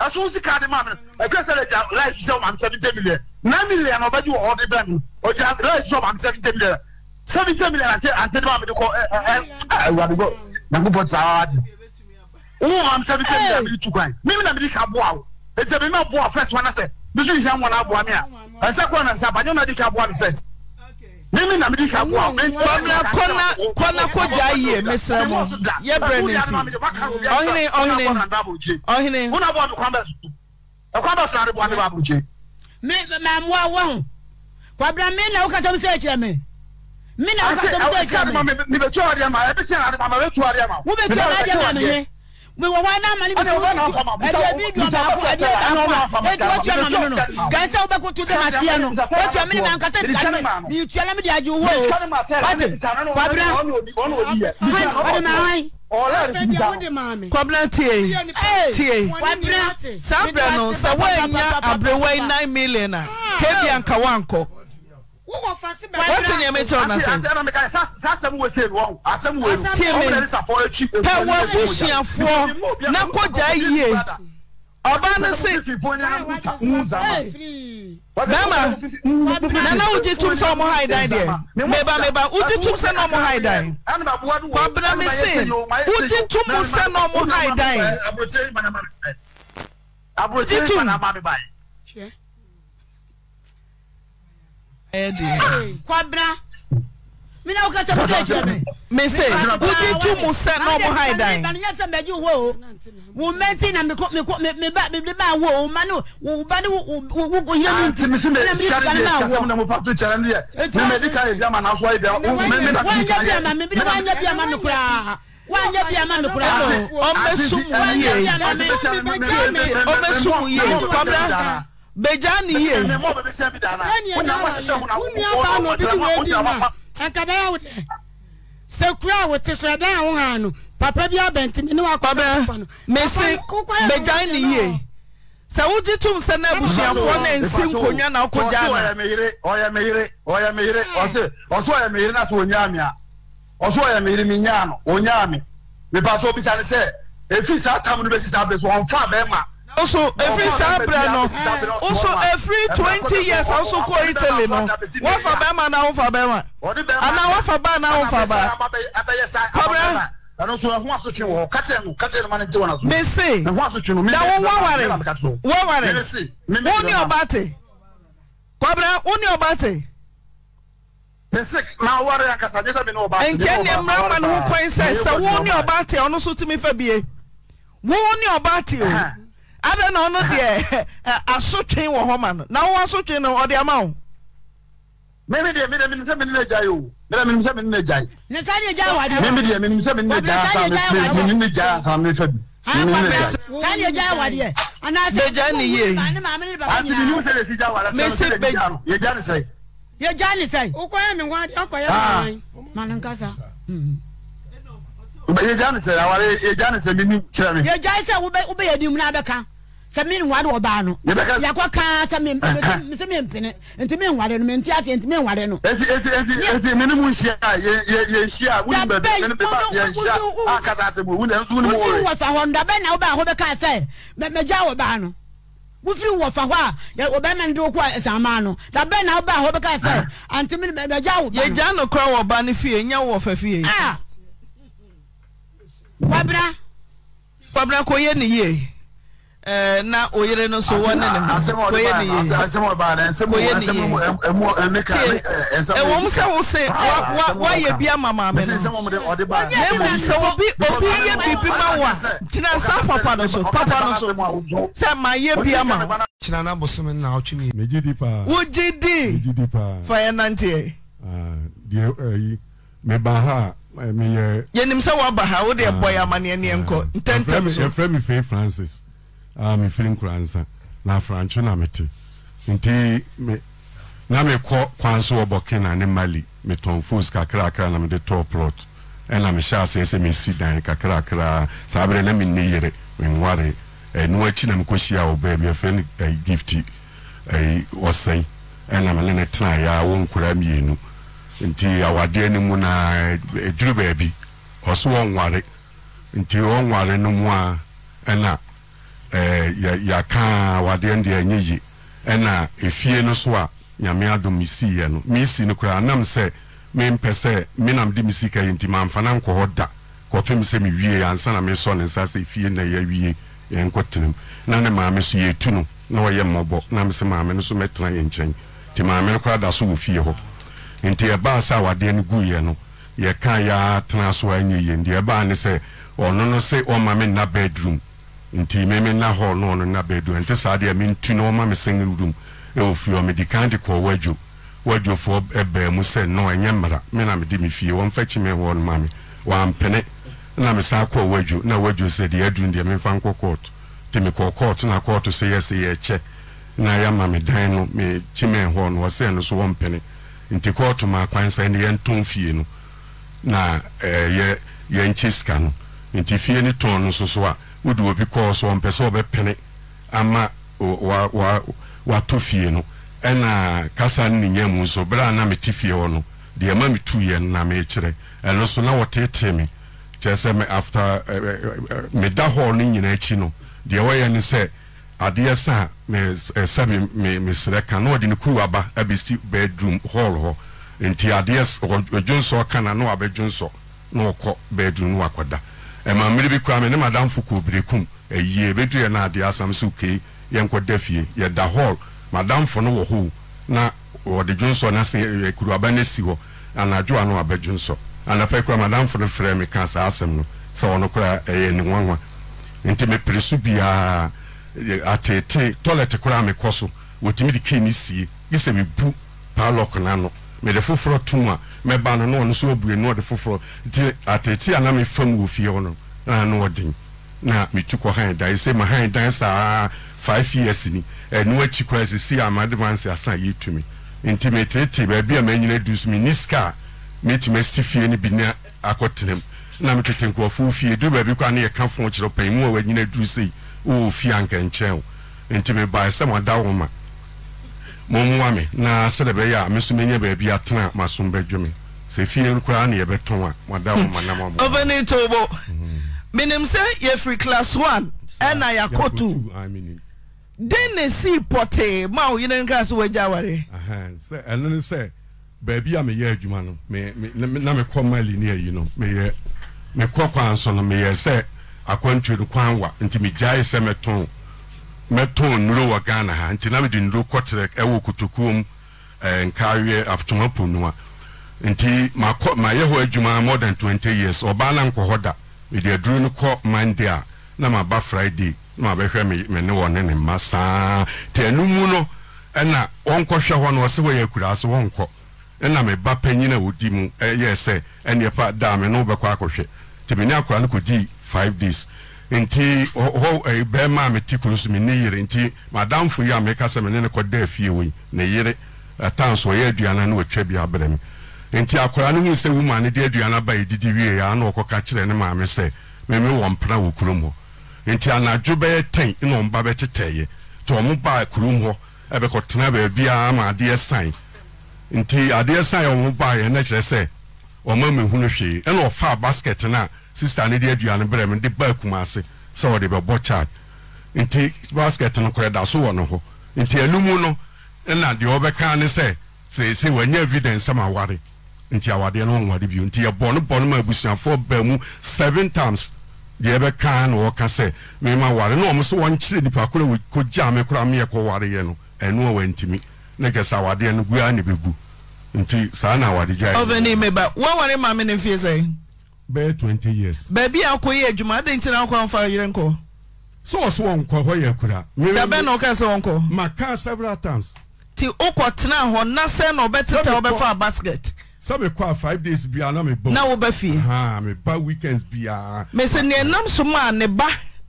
ɛso wo sika de ma me ɛkɛ sɛ ɛgya life sɛ ɔmam seventy million nine million na ɔbɛgye wɔ ɔde bɛ no ɔgya life sɛ ɔmam seventy million seventy million ante ante de ma me de kɔ ɛ ɛ ɛ awurade kɔ nyankopɔ ti awa adi wo ɔmam seventy million mi tu kwan mi mi na mi di ka boa o eti sɛ mi ma boa first one na sɛ mi so yi sɛ wɔn aboa mi a ɛsɛ e kɔ na sɛ abanyɔ na di ka boa mímí na mi di sago a. kọ́nà kọ́nà kọ́nà kọjá yìí mẹsẹ̀ mu yẹ bẹ̀rẹ̀ ní ti ọ̀hìnì ọ̀hìnì ọ̀hìnì. múna bọ̀ ọ̀dùn kwambẹ̀ sùn ẹ̀kwá bẹ̀ sùn àdìbò àdìbò àbújẹ. mi màá mú àwọn kwabra mi na wọ́n kàtọ́ mi sẹ́yìn kyerẹ́ mi mi na wọ́n kàtọ́ mi sẹ́yìn kyerẹ́ mi. mi bẹ̀ tí wọ́n adìyẹ ma ẹ̀ bí sẹ́yìn adìyẹ ma ẹ̀ bẹ̀ tí wọ́n adìyẹ ma. wọ́n bẹ̀ tí wọ́n adìyẹ ma mi yẹn mi wɔ hɔ ɛna ama ne bi tuutu ɛdiɛ bi bi ɔbaako ɛdiɛ baako a eti wotu ama mi no gɛnsa wo bɛ kutu de ma seɛ no wotu ama ne ma nkasa sika mi tu ɛna mi de adi o wati wabra ɔdi ma hɔn. Kɔbla tie tie wabra saa bɛrɛ no sɛ wɔn nine million a kebi anka wankɔ wọ́n fa síbẹ̀. wọ́n ti ní ẹ̀mí tí wọ́n na sẹ́yìn. àti ẹ̀mí sásẹ̀mú wo sẹ́yìn wọ́n àsẹ̀mú wo èrò tèmi pẹ̀wọ́ abusuafoɔ n'akɔgya yie ɔbaa no se bɛrima nana wogye tum sɛ ɔmo hae dan deɛ meba meba wogye tum sɛ na ɔmo hae dan kwabena me se wogye tum sɛ na ɔmo hae dan gye tum. kwabena mina wo kasa mo kyerɛ me me se wodi tu mu sɛ na ɔmo ha dan ba nyɛ sɛ mɛgye wo wo mɛnti na me me me me ba me ba wo wo ma no wo ba no wo wo yɛ no nti me se me sika de sika na mo fa to kyerɛ no yɛ me me di ka ebia ma na so ebia wo me me na ti ka yɛ me bi na wanya bi ama me koraa wanya bi ama me koraa ɔmɛ sumu yɛ ɔmɛ sumu yɛ kɔbra bẹja nìyí ẹ sẹni ẹ náà yẹ wúni abá nà obi di wéé di ma ẹnkàbẹ yà wò dẹ sekura a wòtí so ẹdá àwọn hàn no papa bi abẹntìmí ni wà kọ bẹ mẹsì bẹja nìyí ẹ sẹ wọ́n jí tum sẹ náà busuafoɔ náà nsi nkonnwa náà kó gya náà. ọsọ ọyẹmẹyẹrẹ ọyẹmẹyẹrẹ ọyẹmẹyẹrẹ ọsẹ ọsọ ọyẹmẹyẹrẹ náà sọ onyaa mi a ọsọ ọyẹmẹyẹrẹ mi nyaa no mi mipa so obisa efi saa tam no bẹ sisan abẹ so ọnfa bẹẹ ma Also every saa no Also every twenty years also nso kɔ italy no wafa bɛrima na wofa bɛrima ana wafa baa na wofa baa kɔbɛrɛ mese na wo waware waware wo ni ɔba te kɔbɛrɛ wo ni ɔba te. nkyɛn ni mmerɛ ma ne ho kwan sɛ sɛ wo ni ɔba te ɔno nso tumi fɛ bie wo ni ɔba te o. Ada na ɔno deɛ eh, asotwe wɔ hɔ ma no na wo asotwe no ɔde ama wo mímí diẹ mímí mímí sẹ mi nílẹ jai o mímí mímí sẹ mi nílẹ jai. nísà ni jai wà dé. mímí diẹ mímí sẹ mi nílẹ jai asan mi fẹ mi nílẹ jai asan mi fẹ mi. sani ye jai wà díẹ̀. bẹ jai ni ye. àti mi ni mo sẹ de si jai wà lásán mo sẹ de si jai wà ye jai ni awari ye ni sẹ mi ni kyerẹ mi. ye jai wo bẹ yẹ ni mu n'a kan sɛ mi nware ɔbaa no yakɔ kaa sɛ mi sɛ mi mpene nti mi nware no mi nti ase nti mi nware no. eti eti eti eti mi ni mu nhyia yɛ yɛ yɛ nhyia wuli bɛbi mi ni bɛba yɛ a kasa ase mu wuli nsu ni mu wɔre. wofiri wɔfa hɔ ndɔ na ɔbaa hɔ bɛ kaa sɛ mɛ mɛ gya ɔbaa no wofiri wɔfa hɔ a ɔbɛrima no de okɔ ɛsaamaa no da na ɔbaa hɔ bɛ kaa sɛ anti mi mɛ gya ɔbaa no. yɛ gya no kora wɔ ɔbaa no fie nya wɔ fɛ fie. wabra. wabra kò yé ni yie. Eh, na oyere no so wɔne ne ho wɔyɛ ne yie ɛwɔ mu sɛ wo se woayɛ bi ama maame no na mmom sɛ obi obi yɛ biribi ma wo gyina nsa papa no so papa no so sɛ mayɛ bi ama wo na bosome na wotwe mi megye di paa wogye di fa yɛ nanteɛ ah, deɛ ɛyi eh, meba ha eh, yɛnim sɛ woaba ha wode ɛbɔ yɛ ah, amanneɛ neɛ nkɔ ah. ntɛntɛm so yɛfrɛ me fei francis a ah, mefiri nkuransa na afrantwe na mete nti me na mekɔ kwan so wɔ bɔkena ne mali metɔn fos kakrakra na mede tɔɔ plot ɛna mehyɛ aseɛ sɛ mesi dan kakrakra saa berɛ na menni yere menware ɛno akyi na mekɔhyia wɔ baabi afɛ no gift ɔsɛe ɛna mene ne tenaeɛ a wɔ nkura mmienu nti awadeɛ no mu na ɛduru baabi ɔso wɔ nware nti ɔnware no mu a ɛna Eh, ya ya yɛaka wadeɛ deɛ ɛnyɛ ye ɛna efie no so a nyame adom mesiiɛ no misi no koraa nam sɛ mempɛ sɛ menam de me sika yi nti mamfa na nkɔ hɔ da kɔpem sɛ mewie ansa na mesɔ ne nsa sɛ efie na wie yɛawie tenem na ne maame so yɛtu no na ɔyɛ mmɔbɔ na mesɛ maame no so mɛtena yɛ nkyɛn nti maame no koraa da so wɔ fie hɔ nti ɛbaa sɛ awadeɛ no gu guiɛ no yɛka yɛa tena so a ɛnyɛ yie nti ɛbaa ne sɛ ɔno no se ɔma me nna bedroom nti meme na hɔ na ɔno na bɛdu ɛnte saa deɛ ntu na ɔma me sɛn rum ɛwɔ fie ɔ mede kan de kɔɔ wadwo wadwofoɔ ɛbaa mu sɛ no ɛnyɛ mara me na di mi fie wɔmfa kyi me hɔ no ma me wampene na sa kɔɔ wadwo na wadwo sɛ deɛ aduru deɛ memfa nkɔ kɔɔto nti mekɔɔ kɔɔto na kɔɔto sɛ yɛ sɛ yɛkyɛ na ma me dan no mekyi me hɔ no wɔsɛ no so wɔmpene nti kɔɔto ma akwan sɛ ne yɛntɔn fie no na ɛɛ yɛ yɛnkyi sika no nti fie ne tɔn no nso so a wode obi kɔɔ sɛ ɔmpɛ sɛ ɔbɛpene ama wato fie no ɛna kasa no nenya mu nso berɛ a na mete fie hɔ no deɛ ma metuiɛ no na mekyerɛ ɛno so na wɔtetee me kyerɛ sɛ me after meda hɔ no nyinaa akyi no deɛ wɔyɛ ne sɛ adeɛ sa me sɛbi mesrɛ ka na ɔde ne kuru aba abɛsi bedroom hall hɔ nti adeɛ ɔdwonsɔ ka na na wabɛdwonsɔ na ɔkɔ bedroom no wakɔda ɛmammere bi koraa me ne madamfo kɔɔbirekum ɛyie bɛdu yɛ no adeɛ asam sɛ okei yɛnkɔda fie yɛda hall madamfo no wɔ hoo na wɔde dwonsɔ e no sɛ kuruaba no si hɔ anadwo ano abɛdwonsɔ anapa kura madamfo no frɛ me ka saa asɛm no sɛ ɔno kora ɛyɛ e ne nwanwa nti mepere so biaa e, atete toilet koraa mekɔ so wɔtumi de kii no sie gye sɛ mebu paalɔk no ano mede foforɔ tom a mɛba no na ɔno nso abue no ɔde foforɔ nti atete a na mefa mu wɔ fie hɔ no na na ɔden na metu kɔ han dan sɛ ma han dan saa five years ni ɛno akyi koraa sisi ama advance asan yɛtumi nti metete baabi a manyina du so menni sika a mɛtumi asi fie no bi na akɔtenam na metete nkurɔfoɔ fie du baabi kɔ a ne yɛka fo kyerɛ panyinmu a wanyina du sei wowɔ fie anka o nti mebae sɛ mada wo ma mɔmmoa me na sɛde bɛyɛ a me so menya baabi atena masom bɛdwo me sɛ fie no koraa ne yɛbɛtɔn a mada wo manam abɔ ɔbɛne tobo menim sɛ yɛfiri class one, ɛna yakoto, tu den ne sii pɔtee ma wo yene nka so wagya aware sɛ ɛno ne sɛ baabi a meyɛ adwuma no na mekɔ mali ne ayi no meyɛ mekɔ kwan so no meyɛ sɛ akwantue no kwan wa nti megyae sɛ mɛtɔn mɛtɔn nnuro wɔ ghana ha nti na mede nnuro kɔtrɛ ɛwɔ kotokuo mu eh, ɛɛ nkaaweɛ atoma po no nti makɔ mayɛ hɔ adwuma more than twenty years ɔbaa na nkɔ hɔ da mede aduro no kɔ monday a na maba friday na mabɛhwɛ me me ne wɔ ne ne mma saa te ɛnu mu no ɛna wɔnkɔhwɛ hɔ no ɔsɛ wɔyɛ akura so wɔnkɔ ɛna me ba panyin a odi mu ɛyɛ sɛ ɛneɛ pa daa me no wobɛkɔ akɔhwɛ nti me ne akora no kɔdii five days nti hɔ eh, bɛrima a mete kuro so mene yere nti madamfo yi a meka sɛ mene ne kɔda afie wei ne yere eh, tan so ɔyɛ aduane na watwa bi abrɛ me nti akwaraa no hu sɛ woma ne de aduane aba yɛdidi wie a na ɔkɔka kyerɛ ne maame sɛ meme wɔ mpra wɔ kurom hɔ nti anadwo bɛyɛ tɛn na ɔmba bɛtetɛeɛ nti ɔmo baa kurom hɔ ɛbɛkɔtena baabiaa ma adeɛ san nti adeɛ san ɔmo baeɛ na kyerɛ sɛ ɔma mehunu hwee ɛna ɔfaa basket no a sista ne de aduane brɛ me de ba kuma ase sɛ wɔde bɛbɔ chad nti basket no korɛ da so wɔ no hɔ nti anum no na deɛ ɔbɛka ne sɛ sese wɔanya evidence ma aware nti awadeɛ no ɔnware bio nti yɛbɔ no bɔ no ma abusuafoɔ baa mu seven times deɛ ɛbɛka na wɔka sɛ mema ware na ɔmo so wɔnkyerɛ nipa koro a wɔkɔgyaa me koraa meyɛ kɔwareyɛ no ɛno a wɔantimi na kɛ sɛ awadeɛ no guaa ne bɛgu nti saa na awade gyaɛ ɔbɛni meba wɔware maame no fie sɛ bɛyɛ twenty years. baabi a akɔ yɛ adwuma adi nti na akɔ anfa yere nkɔ. sọ wọ́n sọ wọn nkọ hɔ yɛ kura. dabɛ na ɔka sɛ wọn kɔ. ma kaa several times. ti o kɔ tena hɔ na sɛ na ɔbɛ teta ɔbɛ fa basket. sọmi kɔ a five days bi a na mi bɔ. na wo bɛ fie. hàn mi ba weekends bi a. mèsì ní ẹnam so mu a ne ba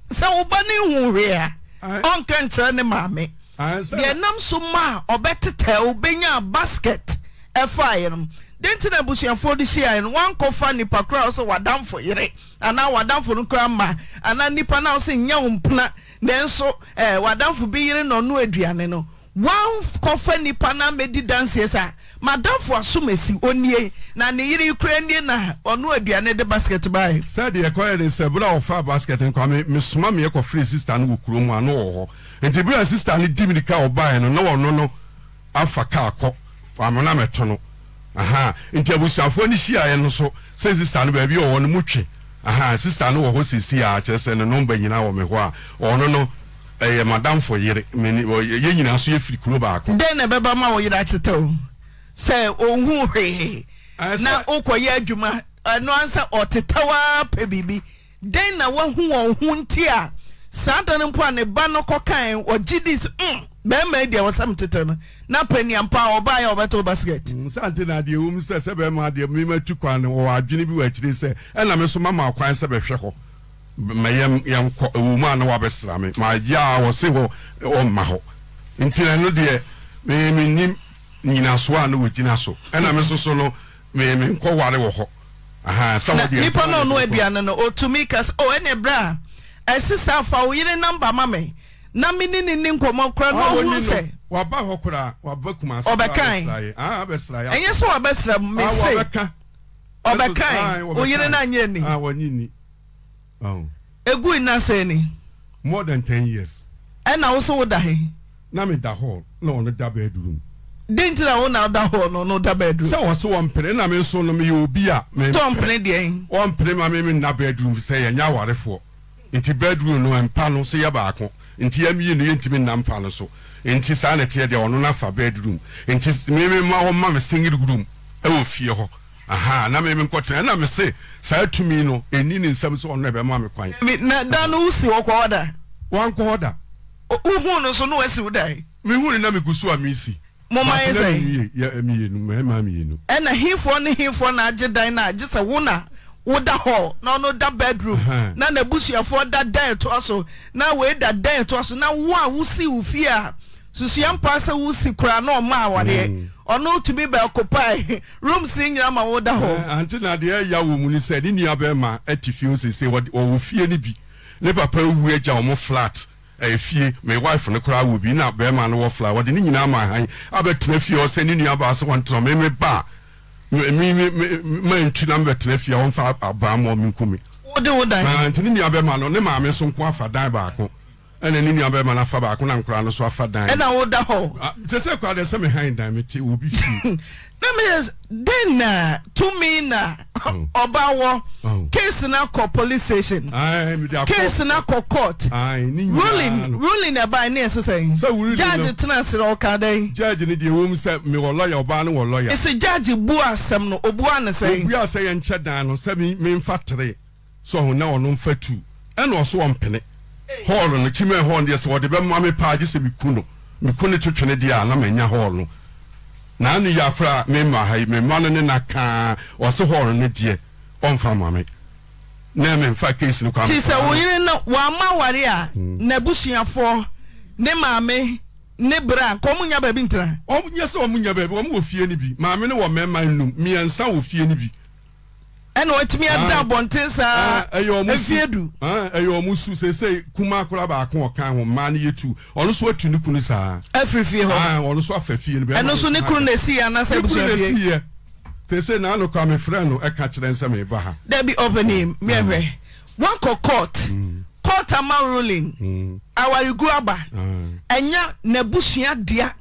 sɛ o ba ne hu wia ɔnkɛ nkyɛn ne maame. deɛ ɛnam so mu a ɔbɛ teta o bɛ nya basket ɛfa yɛn no denti na abusuafoɔ de hyia no wankɔfa nnipa koraa sɛ wadamfo yere anaa wadamfo no koraa ma anaa nnipa no a sɛ nyɛ wo mpena nanso eh, wadamfo bi yere na ɔno aduane no wankɔfa nnipa no amɛdi danseɛ sɛ a madamfo asom asi onie na ne yere kura nie na ɔno aduane de basket bae sɛdeɛ ɛkɔyɛ ne sɛ bere ɔfa basket no kwa mi mesoma meyɛ kɔfrɛ no wɔ kurom a na ɔwɔ hɔ nti bere a sister no di mirika ɔbaeɛ no na ɔno no afa kaa kɔ amena mɛto no nti abusuafoɔ no hyiaeɛ no so sɛ sista no baabi ɔwɔ no mu twe sista no wɔ hɔ sesi a kyerɛ sɛ ne nomba nyinaa wɔ me hɔ a ɔno no ɛyɛ madamfo yere yɛ nyinaa so yɛfiri kuro baako dɛn na ɛbɛba ma wɔyere atetɛw sɛ ɔnhu hwee na wokɔyɛ adwuma ɛno ansa ɔtetɛw a pɛ biribi dɛn na wahu wɔn ho nti a saa da no mpo a ne ba no kɔkae ɔgye dis mm, bɛrima adi a wɔsɛm tetɛ no na panyampa a ɔbaa yɛ ɔbɛtɔ basket. nsante na adeɛ wɔm sɛ sɛ bɛrɛ ma adeɛ mi ma tu kwan no wɔ adwene bi wɔ akyire sɛ ɛna mi nso ma ma kwan sɛ bɛhwɛ hɔ mɛ yɛm yɛm kɔ ewu mu a na wabɛsra mi ma agye a wɔse hɔ ɔma hɔ nti na no deɛ mi mi nim nyinaso a na wɔgyina so ɛna mi nso so no mi mi nkɔ ware wɔ hɔ aha sɛ wɔde. na nipa naa ɔno aduane no otumi kasa o oh, ɛna ebira ɛsisa afa oyere namba ma mi na mi ni ni ni nkɔmɔ kura na ɔhun ah, sɛ. waba hɔ kora waba kumase ɔbɛkan ah, ɛnyɛ sɛ wabɛsra ah, mese ɔbɛkan ah, woyere no anyɛ ni wɔnyini ɛgu nna sɛ ni more than ten years ɛna wo so woda he na meda hɔ na ɔno da baaduru mu de na wo na da hɔ na no da baaduru sɛ wɔ so wɔmpene na me nso no meyɛ obi a sɛ ɔmpene deɛn pere ma me menna baaduru mu sɛ yɛnyɛ awarefoɔ nti baaduru no mpa no so yɛ baako nti yɛmyi no yɛntimi nna mpa no so nti saa na teɛ deɛ ɔno no afa bedroom nti meme ma wɔma me singed room ɛwɔ fie hɔ aha na meme nkɔtena ɛna me se saa tumi no ɛni ne nsɛm sɛ ɔno ɛbɛma me kwan na da no wosi wɔ kɔ ɔda wankɔ ɔda wohu no so na wasi wo dae mehu ne na megu so a mesi momayɛ sɛ ɛna hefoɔ ne hefoɔ na agye dan no agye sɛ wo woda hɔ na ɔno da bedroom na n'abusuafoɔ da dan ɛtoa so na wei da dan ɛtoa so na wo a wosi wo fie a susua mpa sɛ wosi kora na ɔma awareɛ mm. ɔno tumi bɛɛko pae room si nyina ma woda hɔ eh, ante na adeɛ ɛya wɔ mu no sɛ ne nua bɛrima ati fie ho sesei ɔwɔ fie no bi ne papa wu agya ɔmo flat ɛyɛ fie my wife no koraa wɔ bi na bɛrima no wɔ flat wɔde ne nyinaa ma han abɛtena fie hɔ sɛ ne nua baa sɛ wɔntena me me ba mantu na mebɛtena fie hɔ mfa abaa ma ɔme nkumi wode wo dan ante ne nua bɛrima no ne maame so nko afa dan baako ɛna ne nua bɛrima nafa baako na nkora no so afa dan ɛna woda hɔ ah, sɛ sɛ kora deɛ sɛ mehan dan mete obi fie na meyɛ den na tumi na oh. ɔba wɔ oh. case na kɔ police station case na kɔ court ruling ruling ɛba ne ɛsɛ sɛ judge tena ase ɔka dɛ judge ne deɛ wɔm sɛ mewɔ lɔya ɔbaa no wɔ lɔya ɛsɛ judge bu asɛm no obua ne sɛ obua sɛ yɛnkyɛ dan no sɛ memfa tere sɛ na ɔno mfa tu ɛna ɔso ɔmpene hall no kyimɛ hall deɛ sɛ wɔde bɛma me paa gye sɛ meku no meku ne twetwene deɛ a na manya hall no na ano yɛ akora memma ha yi memma no ne na kaa ɔse hall no deɛ ɔmfa ma me na memfa case no kwamti sɛ wo yere no wamma ware a n'abusuafoɔ ne maame ne bra kɔ ɔmo nya baabi ntena ɔmo nyɛ sɛ ɔmo nya baabi ɔmo wɔ fie no bi maame no wɔ mmarima nnum mmiɛnsa wɔ fie no bi ɛna ɔtumi ada ah. abɔnten saa ah, efie du. ɛyɛ ɔmo su ah, sese kuma akora baako ɔkan ho mmaa ne yɛ tu ɔno so atu ne kunu saa. ɛfiri fie hɔ ɔno so afa fie ɛno so ne kunu na esi yɛ anasa ebusua fie. ne kunu na esi yɛ sese na ano kɔ amefrɛ no ɛka kyerɛ nsɛm eba ha. dabi ɔbɛni hm. miɛhwɛ hm. wɔn kɔ court hm. court ama ruling awarigu aba ɛnya n'abusua dia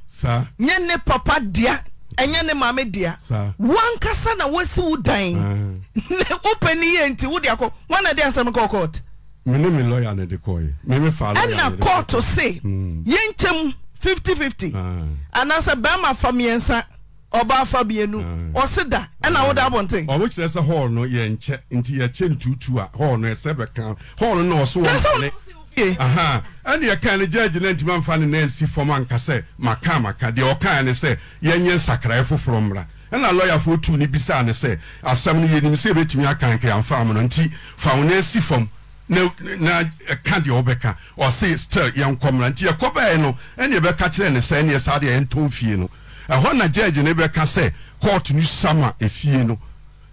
nye ne papa dia ɛnyɛ ne maame dea wankasa na wasi wo dan na wopɛ ne yɛ nti wode akɔ wana de asɛm kɔɔ court mene me lɔya ne de kɔɛ meme fa ɛna court se hmm. yɛnkyɛm 50-50 ah. anaasɛ bɛrima fa mmiɛnsa ɔbaa fa mmienu ah. ɔse da ɛna ah. wode abɔnten ɔmo kyerɛ sɛ hɔɔ no yɛnkyɛ nti yɛkyɛ ntutu a hall no ɛsɛ bɛka hɔɔ no na ɔso wɔ ɛne yɛkaa no gyagye no ntimi amfa ne na asi fam anka sɛ maka maka deɛ ɔkaa ne sɛ yɛnyɛ nsakraeɛ foforɔ mmra ɛna lɔyafoɔ tuu no bisaa ne sɛ asɛm no yɛnim sɛ yɛbɛtumi akankaamfa m no nti fa wo no asi fam na ɛka deɛ wobɛka ɔse still yɛnkɔ mmra nti yɛkɔbɛɛ no ɛne yɛbɛka kyerɛ ne sɛ ɛne yɛ saa deɛ yɛntɔn fie no ɛhɔ na gyagye no bɛka sɛ kɔɔto no sama ɛfie no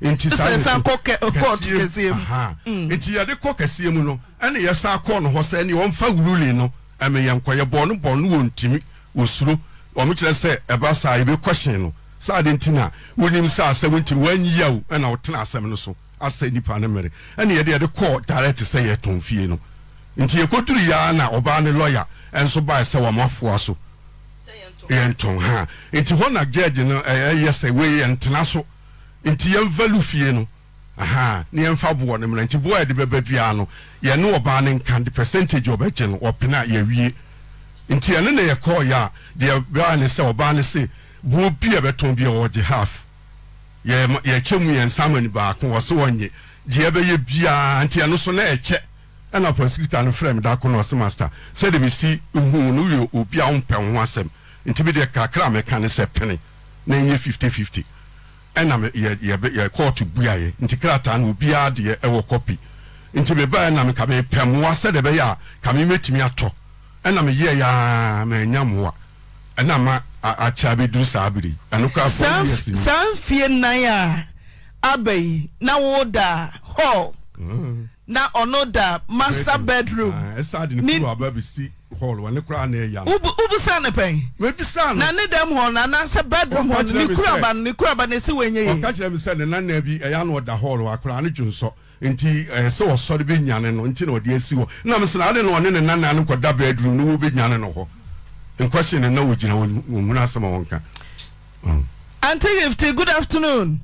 nti saa nsan kɔ kɔɔt kɛseɛ mu mm. nti yɛde kɔ kɛseɛ mu no ɛna yɛsan kɔɔ no hɔ sɛ ɛne wɔmfa wuruli no ɛmɛ yɛn kɔ yɛ bɔɔno bɔɔno wɔ ntumi osuro wɔn kyerɛ sɛ ɛba saa ebi kɔhyɛn no saa de nti na wɔnim saa asɛm ntumi wɔanyi yawu ɛna wɔtena asɛm no so asɛ nipa ne mmerɛ ɛna yɛde yɛde kɔɔ direct sɛ yɛtɔn fie no nti yɛkɔturu yaa na ɔbaa ne lɔya ɛnso baa sɛ wɔn afoa so yɛntɔn ha nti hɔ na gyɛɛgye no ɛyɛ sɛ wɔyɛ ntena so nti yɛn value fie no aha ni yɛn fa boɔ ne mmerɛ nti boɔ yɛde bɛbɛ dua no yɛn ne ɔbaa ne nka de percentage ɔbɛgye no ɔpena yɛwie nti yɛn ne na yɛkɔɔ yɛ a deɛ baa ne sɛ ɔbaa ne sɛ boɔ bi a bɛtɔn bi a wɔgye half yɛ yɛkyɛ mu yɛn nsamani baako wɔso wɔn nye deɛ bɛyɛ biara nti yɛn nso na yɛkyɛ ɛna prosecutor no frɛ mi da ko na ɔsɛ master sɛde mi si nhun no yɛ obi a ɔmpɛ ho asɛm nti bi deɛ kakra a mɛka ne sɛ pene na nye fifty fifty ɛna yɛ yɛ yɛ kɔɔto buaeɛ nti krataa no obiara deɛ ɛwɔ kɔpi nti mebaeɛ na meka mepɛ mmoa sɛdeɛ ɛbɛyɛ a ka memɛtumi atɔ ɛna meyɛɛ yɛa maanya mmoa ɛna ma akyɛ bɛduru saa bere ɛno kora saa mfie nan a aba yi na woda hall mm. na ɔno da master bedroom ah, ɛsaa de hall wɔne kura na ɛya no. San. ne pɛn. webisa no. na ne dɛm hɔ na se bedroom hɔ ne kuraba ne kuraba ne si wɔnyɛ yie. ɔka kyerɛ mi sɛ ne nan na bi ɛya no da hall wa kura ne ju nsɔ nti ɛɛ sɛ ɔsɔre bɛ nyane no nti na ɔde esi hɔ na mi sɛ na ɔne ne nan na ne kɔ da bedroom ne wo bɛ nyane no hɔ nkwasi ne na wogyina wɔn mu na asɛm a wɔn ka. Mm. aunty gifty good afternoon.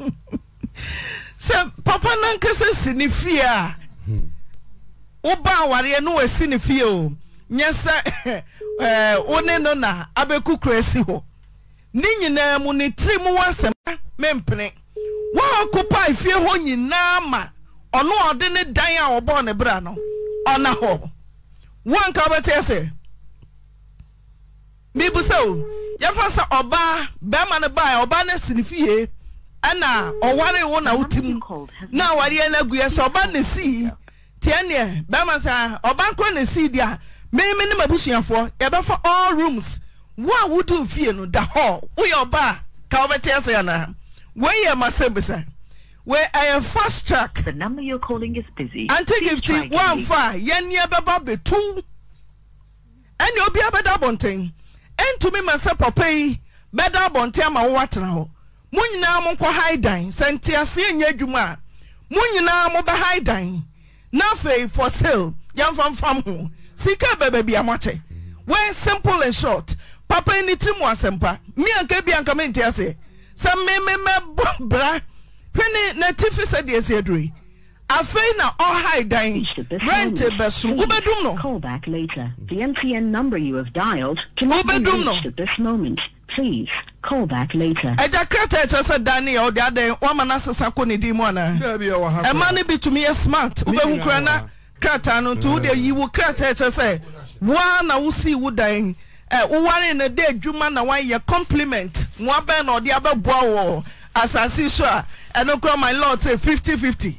sɛ papa nankasɛ si ne fie a hmm. woba awareɛ no wasi ne fie o nyɛ sɛ eh, wo ne no na abɛkukora si hɔ ne nyinaa mu ne tiri mu woasɛm mempene woakopa fie hɔ nyinaa ma ɔno ɔde ne dan a ɔbɔɔ ne bera no ɔna hɔ woanka wobɛteɛ sɛ mibu sɛ o yɛmfa sɛ ɔbaa bɛrima no baa ɔbaa no si ne fie ɛna ɔware wo na wotim na awareɛ no aguɛ sɛ ɔba ne sii tiɛ neɛ bɛrima sɛ ɔba nkɔ ne sii deɛ a meme ne m'abusuafoɔ yɛbɛfa all rooms wo a wodi mfie no da hɔ woyɛ ɔba a ka wobɛteɛ sɛ anaa wei yɛ masɛm bisa wei ɛyɛ fast track ante gifti woamfa a yɛnneɛ bɛba bɛtu ɛnea obia bɛda abɔnten ɛntumi ma sɛ papa yi bɛda abɔnten ama wowatena hɔ monyinaa mo nkɔ hai dan sɛ nteaseɛ yɛ adwuma a mo nyinaa mo bɛhadan na afei f sel yɛmfafamho sika bbabiay san aane timsmanses meemrifi seinanbsowobɛno Please call back later. I just ẹ kyerẹ sẹ Daniel ọdi adẹ wọn ma n'asesa kọ ne di mu ana. Dẹbi ẹ smart. Wubẹ nkura na krataa no nti wode yi wo krataa ẹ kyerẹ sẹ wọn na wosi wo dan One wọwari na de adwuma na wọn yẹ compliment wọn abẹ na ọdi abẹ bua wọ asase so a ẹnu kura my lord say fifty fifty.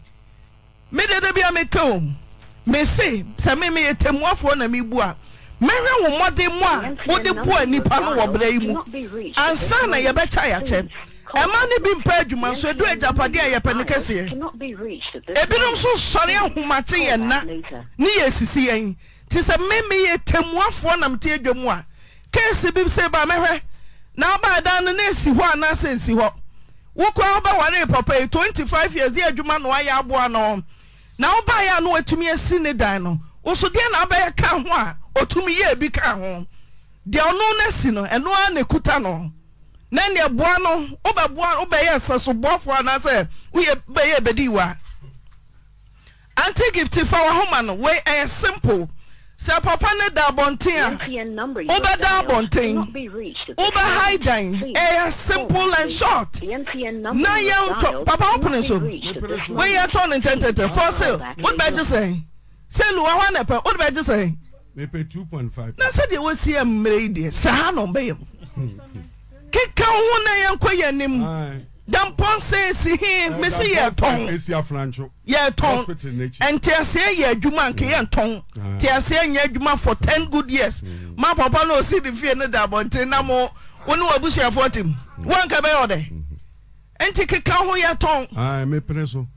Mi dede bi a mi ka o, mi si sẹ mɛhwɛ wo mmɔden mu a wode boa nipa no wɔ berɛ yi mu ansa na yɛbɛkya yɛakyɛ hmm. ɛma ne bi mpa adwuma nso ɛdu agyapadeɛ a yɛpɛ no kɛseɛ ebinom nso sɔre ahomakye yɛn na ne yɛsisi yɛn te sɛ meme yɛ tɛmuafoɔ nam te adwa mu a keesi bi sɛ ba mɛhwɛ na ɔbaa dan no na esi hɔ anaasɛ nsi hɔ wokɔ wobɛware papa yi twenty five years yɛ adwuma na wayɛ aboa no na wobaeɛ a na watumi esi ne dan no wosodeɛ na wobɛyɛ ka ho a ɔtumi yɛ bi ka ho deɛ ɔno no si no ɛno ara na ekuta no na neɛ boa no wobɛboa wobɛyɛ sɛsoboafoɔ anaasɛ woyɛ bɛyɛ bɛdi wa anti gift fa wahoma no wei ɛyɛ simple sɛ papa ne da abɔnten a wobɛda abɔnten wobɛhae dan ɛyɛ simple and oh. short na yɛntɔ papa wopene so woyɛ tɔ ne ntɛntɛntɛ fɔ sale wode bɛgye sɛn sale wa hɔ anɛpɛ wode bɛgye sɛn ɛɛ maɛɛɛyɛ waɛsɛ yɛ wa fo 0 ea ma papa na sɛde fie o dat e o o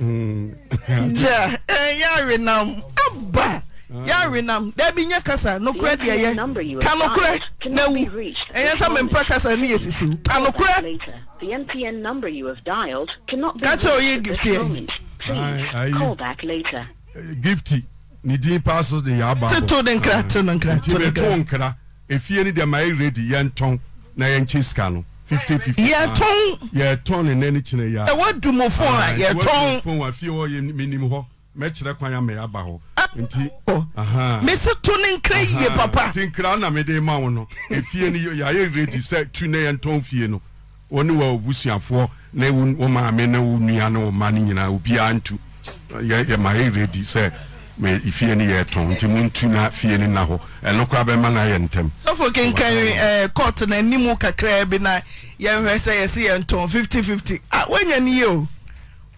gya mm. eh, yɛawe nam aba yɛawe nam daabi nyɛ kasa nokorɛ deɛ yɛ ka nokorɛ na wu ɛnyɛ sɛ mempɛ kasa ne yɛ sisiw ka nokorɛ ka kyɛ ɔyɛ gifteɛ gifti ne din paa so de yɛ aba to ne nkra ah. to ne nkra to ne nkra efie ne deɛ ma yɛ yɛntɔn na yɛnkye sika no fifty fifty. yɛ tɔn. yɛ tɔn ne nani kyerɛ ya. ɛwɔ dumofo a yɛ ah, tɔn. ɛwɔ dumofo a fie hɔ yɛ minim hɔ mɛkyerɛ kwan amɛ aba hɔ ah, nti. Oh. mesi to ne nkira yie papa. nti nkira na mi de ma wɔn no efie ni yɛayɛ redi sɛ tu ne yɛ ntɔn fie no wɔne wɔ busuafoɔ ne wo maame ne wo nua ne wo ma ne nyinaa obiara ntu yɛ ma yɛ redi sɛ me fie no yɛ tɔn nti montu na fie no na hɔ ɛno koraa bɛma na ayɛ ntɛm sɔfo kenkan eh, cort no anim kakraa bi na yɛhwɛ sɛ yɛse yɛ fifty. 5050 ah woanya ne yie o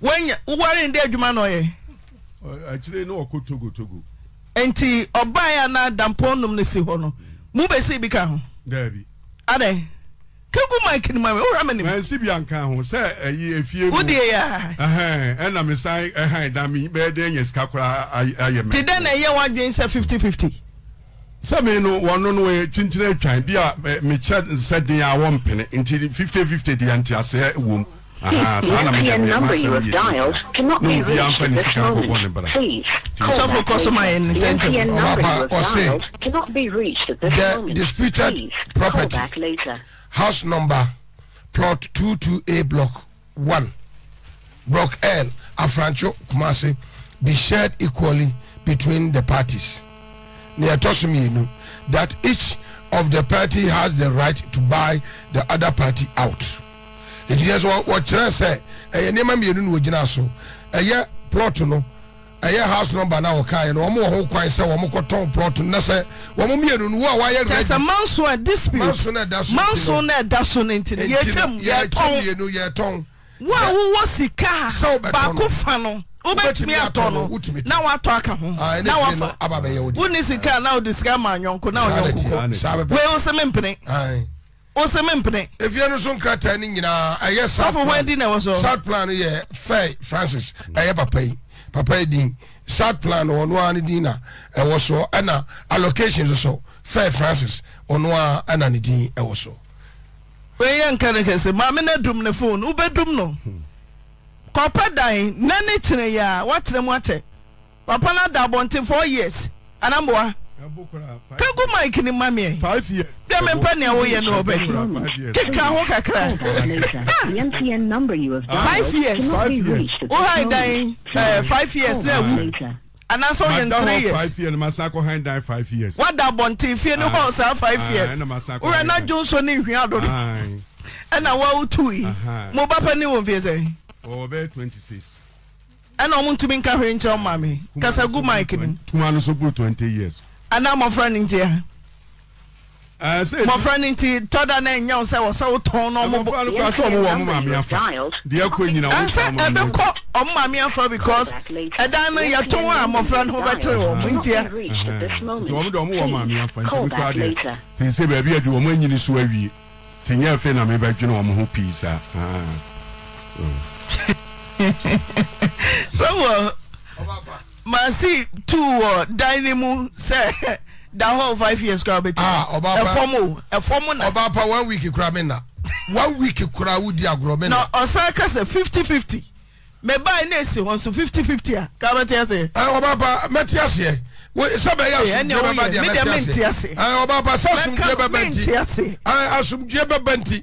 woanya woware dɛ adwuma na akyire ne wɔkɔ togotogo nti ɔbaeɛ a na adampɔn nom no si hɔ no si bi ka ho adɛn kegu mic ni maame wura mɛ ni mu. bi anka ho sɛ ɛyi efie mu. wudie ya. Eh, mi san de sika kura ti na fifty fifty. sẹ́mi wọ́n eh, bi a eh, mi nti fifty fifty di mu. house number plot two two a block one, block l afrancho kumasi be shared equally between the parties nea ɛtɔ so that each of the party has the right to buy the other party out ɛdi yɛ sɛ wɔkyerɛ sɛ ɛyɛ nneɛma mmienu na wɔgyina so ɛyɛ eh, plot no ɛyɛ house number na wɔka yɛ no wɔn wɔ ho kwan sɛ wɔn kɔtɔn plot na sɛ wɔn mmienu no a wɔayɛ ready. kyerɛsɛ manso a dispute manso na ɛda so manso na ɛda so ne ntina yɛtwam yɛtɔn yɛtɔn yɛtɔn wo a wowɔ sika baako fa no wobɛtumi atɔ no na watɔ aka ho ah, na wafa wone sika na wode sika ma nyɔnko na ɔnyɔnko wei wo se mempene wo se mempene efie no so nkrataa no nyinaa ɛyɛ safo hɔ adi south plan yɛ fɛ francis ɛyɛ papa yi papa yi din sat plan ɔno ara ne din na ɛwɔ so ɛna allocation soso fair francis no, ara ɛna ne din ɛwɔ so. weyɛ nka ne kɛse maame na dum ne phone dum no kɔpɛ dan na ne kyerɛ yɛ a wakyerɛ mu akyɛ papa no ada abɔnten four years anamboa kagu mike ni mami yɛ dɛ mi nea woyɛ no ɔbɛ keka ho kakra ah! five years wo dan eh, five years sɛ eh, wu anaso yɛ no years five years fie no hɔ saa five years wura ah. ah, na nso ne nhwia do no ɛna wawu tu yi mo pɛ ne wɔn fie sɛ. ɛna ɔmo ntumi nka hwee nkyɛn maame kasa gu mike ni. tuma no so bu twenty years anaa mmɔfra no nti ha eh, mmɔfra no nti tɔda no ɛnyɛ wo sɛ wɔ sɛ wotɔn no ɔmobɔsɛ ɛbɛkɔ ɔmo maame afa because ɛdan no yɛtɔn a mmɔfra no ho bɛkyere wɔ mo ntia sɛ baabi adu ɔmo anyini so awie nti nyɛ afei na mebɛdwene ɔmo ho pii saa sɛ wɔ uh, màsí tu wọ dan mu sẹ da hall five years kura bẹ ti ẹfọm o ẹfọm na. ọba pa one week kura mi na one week kura awo di agorɔ mi na. na ɔsan kasa fifty fifty mɛ báyìí náà èsì wọn so fifty fifty a ká bẹ ti ɛsɛ. ɛ ọba pa mɛ ti ɛsɛ sábà yẹ asumdue bẹ bá di ɛ mɛ ti ɛsɛ ɛ ọba pa sẹ asumdue bɛ bẹ nti ɛ asumdue bɛ bẹ nti.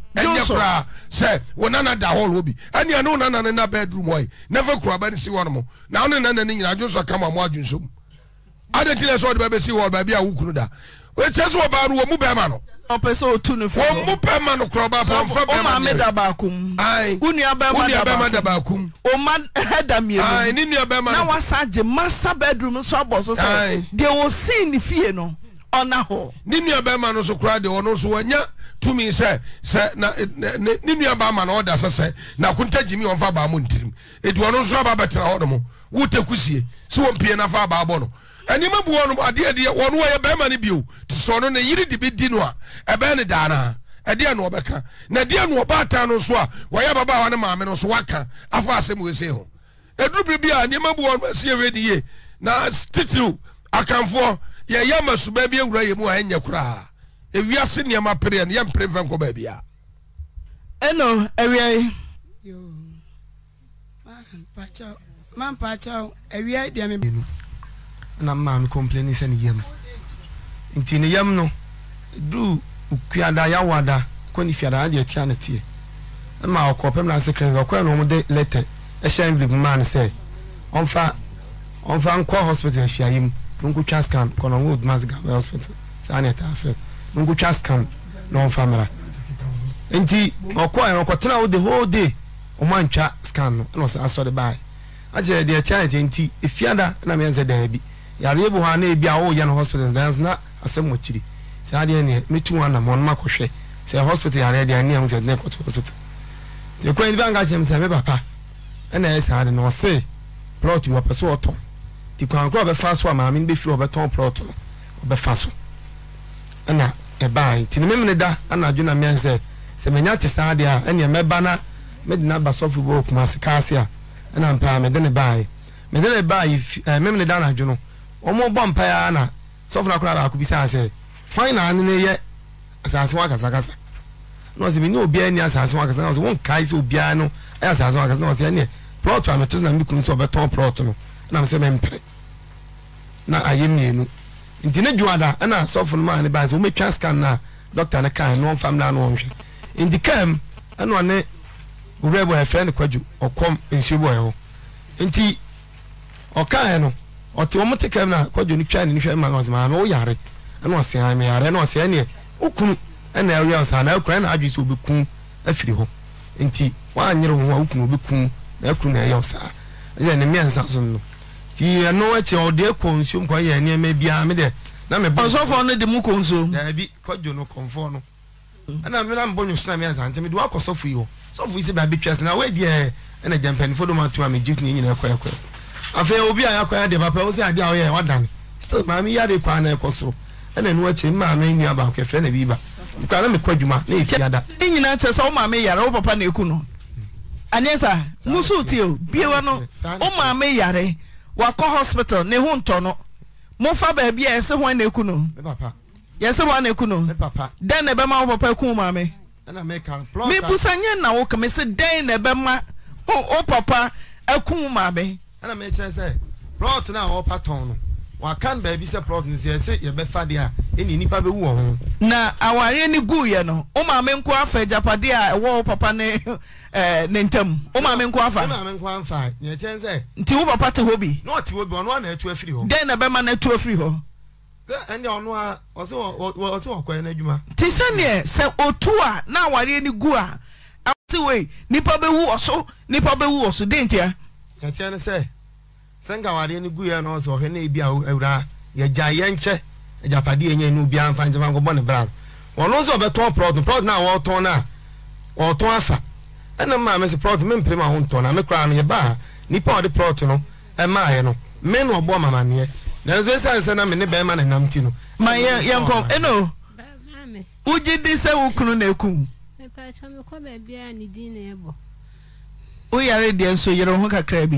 ɛnyɛ koraa sɛ wo nana da hɔ lɔ bi ɛnea ne wo nana ne na bedroom hɔ yi nefa kuraba ne si hɔ nom na wo ne nana ne nyina adwonso kama mo adwonso mu ade ti na sɛ ɔde bɛbɛsi hɔ baabi a wo kunu da wɔkyɛ sɛ wɔbaa no wɔ mu bɛrima no ɔpɛ sɛ otu ne fɛ wɔn mu bɛrima no korɔ ɔbaa pɔn fɛ bɛrima deɛ ɔmaame da baako mu ayi wo nua bɛrima da baako mu ɔma ɛda mmienu ayi ne nua bɛrima na wasa gye master bedroom nso abɔ so sɛ deɛ wosi ne fie no ɔna hɔ ne nua bɛrima no so koraa deɛ ɔno so wɔnya tumi sɛ sɛ na ne nua baa ma na ɔda sɛsɛ na akunta gyimi ɔnfa baa mu ntirim etu ɔno nso aba bɛtena hɔ nom wote kusie si wɔn pie nafa baa bɔ no ɛnima bu wɔn adeɛ deɛ wɔn wɔyɛ bɛrima ne bio te sɛ ɔno ne yiri de bi di no a ɛbɛn ne daana ɛdeɛ na ɔbɛka na ɛdeɛ na ɔbaatan no nso a wɔyɛ ababaawa ne maame no nso waka afa asɛm wɛsɛ ho eduru biribi a nneɛma bu wɔn asi ewe ne yie na titiriw akanfoɔ yɛyɛ ama suba bi ewura yɛ mu a ɛnyɛ ewiase nneɛma pere yɛn yɛn pere fɛn kɔ baabi a. ɛnna ɛwia yi. na maa mi kɔmplɛni sɛ ne yam nti ne yam no duru okuada yawada kɔ ne fiada adeɛ tia ne tie ɛma ɔkɔ pɛm na ase kɛrɛfɛ ɔkɔ yɛ na ɔmo de lɛtɛ ɛhyɛ envelope maa ne sɛ ɔmfa ɔmfa nkɔ hospital ɛhyia yi mu nkotwa scan kɔnɔ ɔmo odumasi gaba hospital saa ne ɛtaa fɛ. nkotwa scan na ɔmfa mmara nti ɔkɔɛ ɔkɔtena wo the whole day ɔmo antwa scan no ɛna ɔsan asɔre baae akyerɛ deɛ ɛte ayɛ nti efiada na mɛ nsɛ daa bi hɔ a na ebi a ɔwɔ yɛ no hospital na nso asɛm wɔ akyiri adeɛ neɛ metu wɔn anam sɛ hospital yareɛ deɛ sɛ hospital deɛ nipa nka kyerɛ mi sɛ papa ɛna ɛyɛ saa de na ɔse plɔt so ɔtɔn ti kwan ɔbɛfa so a maame no bɛfiri ɔbɛtɔn plɔt no ɔbɛfa ɛna ɛbaa na meɛn sɛ sɛ menya te a mɛba na mede na ba sɔfo bɔ kuma ase kaase a ɛna mpaa mede ne na adwo no wɔn bɔ mpaeɛ a na sɔfo na koraa baako bi saa sɛ hwan na ane yɛ asase wa kasakasa na obiara ni asase wa kasakasa na wɔn obiara no ɛyɛ asase wa kasakasa na plɔt a na mi kunu sɛ ɔbɛtɔn na nti ne dwoada ɛna asɔfo no maa ne baa sɛ womɛtwa scan no a dɔkta no kaa no ɔmfam na a no ɔnhwɛ nti kam ɛna ɔne owurɛ bɔ ɛfrɛ no kwadwo ɔkɔm nsuo bi ɔyɛ hɔ nti ɔkaeɛ no ɔte wɔn te kam na kwadwo no twa ne nhwɛ ma ɔsɛ maame wo yare ɛna ɔsɛ maame yare ɛna ɔsɛ ɛneɛ okunu ɛna ɛwia ɔsɛ ana ɛkura ɛna adwi sɛ obɛku afiri hɔ nti wɔanyere wo ho a okunu obɛku na ɛkuru na ɛyɛ ti ɛno ọ ɔde kɔ nsuom kɔ yɛ nneɛma biara mi dɛ na mi bɔ nsɔfo no de mu kɔ nsuom daabi kɔdwo no kɔnfɔ no ɛna mi na mbɔ nyosona mi azante mi de wakɔ sɔfo yi hɔ sɔfo yi baabi twɛ ɛna gya gye ne obi a yakɔ adeɛ papa adeɛ a still maame yi kɔ ana ɛkɔ soro ɛna maame hmm. musu tie o biewa wakɔ hospital ne ho ntɔ no mofa baabi a yɛsɛ hɔn na eku no yɛsɛ hɔn na eku no dɛn na ɛbɛma wo papa eku maame mibusa nyɛ na wo kame sɛ dɛn na ɛbɛma wo papa eku maame. ɛna mɛ kyerɛ sɛ plɔt naa ɔpa tɔn no. waka no baabi sɛ plot no sɛ sɛ yɛbɛfa deɛ a ɛne nnipa bɛwu wɔ ho na awareɛ gu ya no wo maame nko afa agyapadeɛ a ɛwɔ papa ne eh, ne ntam wo maame nko afa maame nko amfa nyɛkyɛn sɛ nti wo papa te hɔ bi na ɔte hɔ bi ɔno a na atu afiri hɔ dɛn na bɛma na-etu afiri hɔ sɛ ɛnɛ ɔno a ɔse wɔkɔɛ no adwuma sɛ a na awareɛ no gu a ate wei nnipa bɛwu wɔ sɛ nkawadeɛ no gu yɛ no sɛ ɔhwɛ na ebi awura yɛgya yɛn nkyɛ agyapadeɛ yɛn no biara mfa nkyɛn nkɔbɔ ne bra ɔno nso ɔbɛtɔn prɔt prɔt na wɔtɔn na ɔtɔn afa ɛna maame sɛ prɔt mi mpere ma ho ntɔn na me koraa no yɛ baa nipa ɔde prɔt no ɛmaa e yɛ no me na ɔbɔ mamaneɛ nanso esan sɛ na me ne bɛrima na nam ti no. ma yɛ yɛn kɔ ɛnno wogye di sɛ wo kunu na ekum. mepatɔ mekɔ baabi a ne din woyare deɛ nso yɛrɛ ho kakra bi.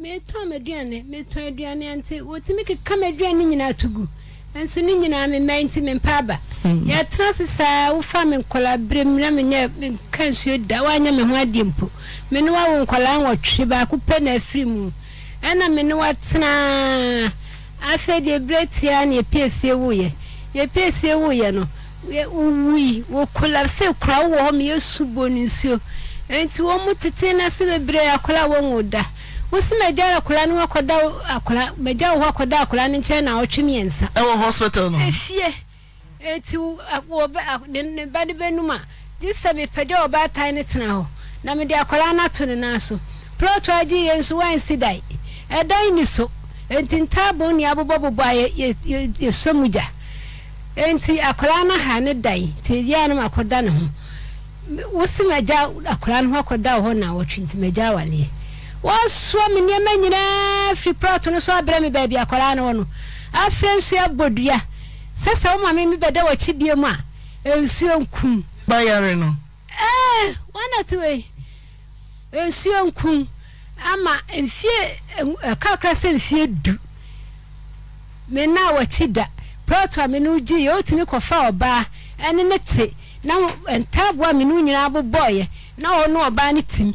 metɔn m'aduane metɔn aduane nti wotumi keka m'aduane nyinaa to gu nso ne nyinaa memma nti mempa aba mm. yɛtena se saa wofa me nkɔla berɛ mu na menyɛ menka nsuo da woanyɛ me ho adeɛ mpo me ne wawo nkɔla nwɔtwe baako pɛ na afiri mu ɛna me ne watenaa afei deɛ berɛ tiaa ne yɛpiesie woyɛ yɛpiesie woyɛ no wowui wɔkolapse kora wowɔ hɔ meyɛsu bɔ ne nsuo nti wɔn mu tete na se bebree akɔla wɔn wo da wosi mɛgya akwaraa no akɔda akwaraa mɛgya wɔ hɔ akɔda akwaraa no nkyɛn na ɔtwe mmiɛnsa. ɛwɔ hospital no. efie eti wɔ bɛ ne ne ba ne bɛnum a gyesɛ mepɛ dɛ ɔbaatan ne tena hɔ na mede akwaraa no ato ne nan so plɔtɔ agye yɛ nso wansi dan ɛdan ni so nti ntaabo ne abobɔbobɔ a yɛ yɛ yɛ sɔ mu gya nti akwaraa no ha ne dan te yɛ anam akɔda ne ho wosi mɛgya akwaraa no akɔda wɔ hɔ na wɔtwe nti mɛgya awaleɛ wɔsoa me nneɛma nyinaa fi prɔto no so abrɛ me baabi akwaraa no no afei nso abɔ dua sɛ sɛ woma me mebɛda wɔkyi bie mu a nsuo nkum bayare no ɛɛ eh, wɔnate wei nsuo nkum ama mfie ɛkakra sɛ mfie du me na wɔkyi da prɔto a me no gyi yɛ wotumi kɔfa ɔbaa ɛne ne te na ntaaboa me no nyinaa bobɔɔyɛ na ɔno ɔbaa no tim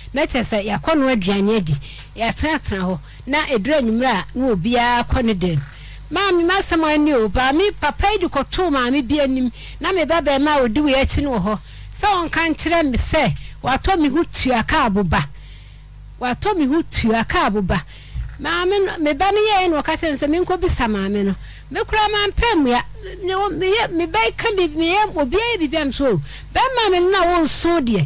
na kyerɛ sɛ yɛakɔ no aduane adi yɛatenatena hɔ na ɛdurɛ anwummerɛ a na obiara kɔ no dam maame masɛm ani o maame papa yi de kɔtoo maame bi anim na meba bɛɛma a ɔdi wei akyi no wɔ hɔ sɛ wɔnka nkyerɛ me sɛ watɔ me ho tua ka boba watɔ me ho tua ka boba maame no meba no yɛɛ no ɔka kyerɛ no sɛ menkɔ bisa maame no me mekura ma mpɛ mmea meyɛ meba ka meyɛ obiara yɛ biribi a nso o bɛrima me no na wɔnso deɛ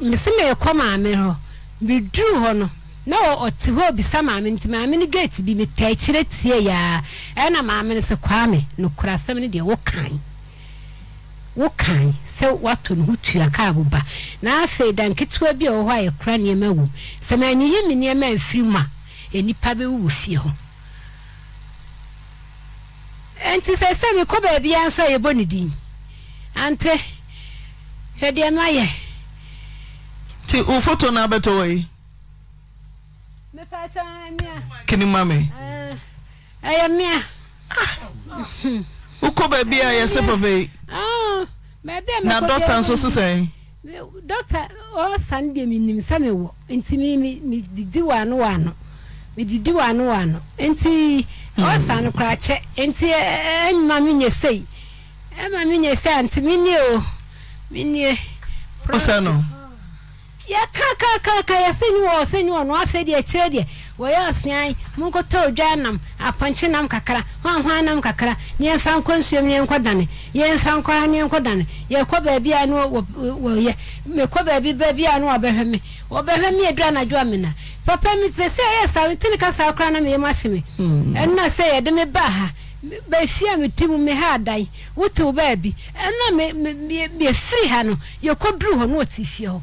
nse meekɔ maame hɔ meduru hɔ no na ɔte hɔ bisa maame nti maame no gate bi meta akyire tie yaa ɛna maame no sɛ kwame nokora asɛm no deɛ wokan wokan sɛ woatɔ ne ho tua kaabo ba na afei da nketewa bi a wɔ hɔ a yɛkora nneɛma wom sɛ manyiyi me nneɛma amfiri mu a nnipa bɛwu fie hɔ nti sɛ sɛ mekɔ baabia nso a yɛbɔ ne din ante hwɛ mayɛ ti o foto na abɛtɔ wɔ yi. mepɛtɔ mia. kini ma mi. Eh, ɛyɛ mia. Ah! wokɔ baabi a yɛsɛ papa yi. Oh, na dɔkta nso sisan yi. dɔkta ɔsan deɛ mi nim sɛ mi wɔ nti mi mi didi wɔ ano wɔ ano mi didi wɔ ano wɔ ano nti hmm. ɔsan kora kyɛ nti ɛnma mi nyɛ sɛ yi ɛnma mi nyɛ sɛ nti mi nie o mi nie. ɔsɛ no. yɛkakakaka yɛsɛnyiwɔ ɔsɛnyiwɔ no afei deɛ kyerɛ deɛ wɔyɛ ɔseae monkɔtɔ odwa nam apɔnkye nam kakra hoahoa nam kakra ne yɛmfa nkɔ nsuom ne yɛnkɔ dane yɛmfa nkɔ ha ne yɛnkɔ dane yɛkɔ baabi a ne wɔyɛ mekɔ baabi baabi a ne wɔbɛhwɛ me wɔbɛhwɛ me yɛdu anadwo a mena papa mi sɛ sɛ ɛyɛ saa metene ka saa koraa na meyɛ mahye me ɛno hmm. na sɛ yɛde me baa ha bɛfia me ti mu me ha adan wotew baabi ɛna mefiri ha no yɛkɔduru hɔ ne wɔte fie hɔ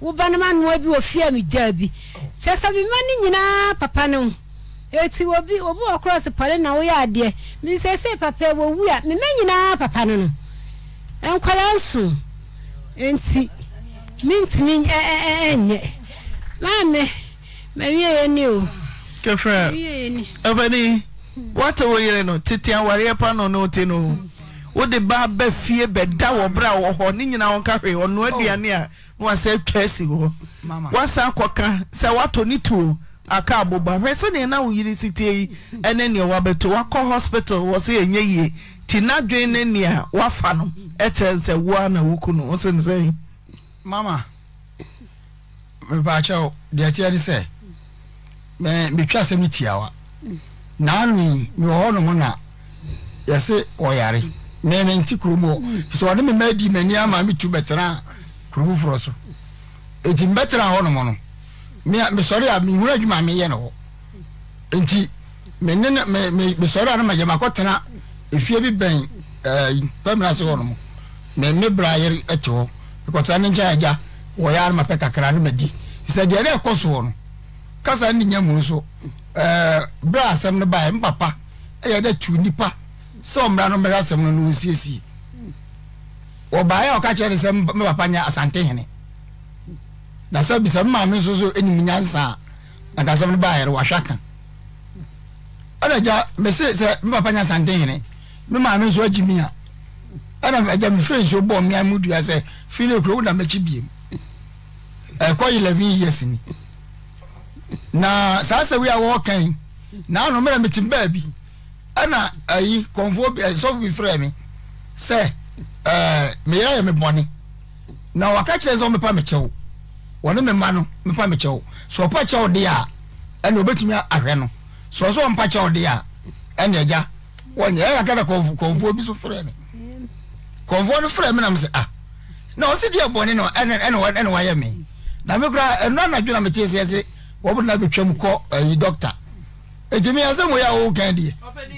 wo ba no ma noa bi wɔ fie mi gyaa bi kyerɛ sɛ mema ne nyinaa papa ne ho obi obi wɔ cross pɔle na woyɛ adeɛ mesese papa wɔwu a mema nyinaa papa no no nkwadaa nso nti mentumi ɛnyɛ maame mawie ni o ɛfɛni wate wo yere no tete awareɛ pa no no te no wode ba bɛ fie bɛda wɔ berɛ a wɔ hɔ ne nyinaa wɔnka hwee ɔnoa aduane a na wɔsɛ atwa asi hɔ wɔsan kɔka sɛ woatɔ ne tuo aka aboba hwɛ sɛdeɛ na wo yere si tie yi ɛne nea wabɛto wakɔ hospital wɔ sɛ ɛnyɛ yie nti n'adwene ne nea wafa no ɛkyerɛ sɛ woa na woku no wɔsɛ ne sɛn mama mepaakyɛw deɛ teɛ ne sɛ metwa asɛm no tiawa naanoi mewɔ hɔ nom na yɛse ɔyare meme nti kurom hɔ sɛ ɔne me ma adi m'ani ama metu bɛtena a kuro foforɔ so eti mbɛtera hɔ nom no mesɔre a mihuru adwuma meyɛ no hɔ nti mene mesɔre a no magyɛ makɔtena efie bi bɛn ɛɛ eh, pɛmina se hɔ nom mene bra yere ɛte hɔ ekɔtena ne nkyɛn agya wɔyɛ anoma pɛ kakra anoma di sɛ deɛ ɛdɛ ɛkɔ so hɔ no kasa ne nya mu nso ɛɛ eh, bra asɛm no ba yɛ mpapa ɛyɛ dɛ tu nipa sɛ ɔmra no mɛrɛ asɛm no no nsiesie ɔbaeɛ a ɔka kyerɛ ne sɛ me papa nya asantehene na sɛ bisa me maame nso so anim nyansa a ankasɛm no baayɛre wahwɛ ka ɛna gya mese sɛ me papa nya asantehene me maame nso agyi mi ɛna agya mefrɛ nso bɔɔ mmea mu dua sɛ fii ekuro kuro wo na mɛkyi biem ɛkɔ eleven years ni na saa sɛ a wɔɔkan na ano mmerɛ metim baabi ɛna ayi kɔnfoɔ bi ɛsɔfo bi frɛ me sɛ ɛɛ meyɛ yɛ me bɔne na waka kyerɛ sɛ mepa mekyɛw wɔne me ma no mepa mekyɛw sɛ ɔpa kyɛw deɛ a ɛna obɛtumi ahwɛ no sɛ ɔsɛ ɔmpa kyɛw deɛ a ɛna agya wɔnyɛ ɛyɛ akada kɔnfoɔ bi so frɛ me kɔnfoɔ no frɛ me nam sɛ ah na ɔsi deɛ bɔne no ɛna ɛna ɛna wayɛ mi na me kura ɛnu anadwo na me tie sɛ ɛsɛ wɔbɛn na bɛtwam ètò mi asẹ́ mo yà owó kàn díẹ̀.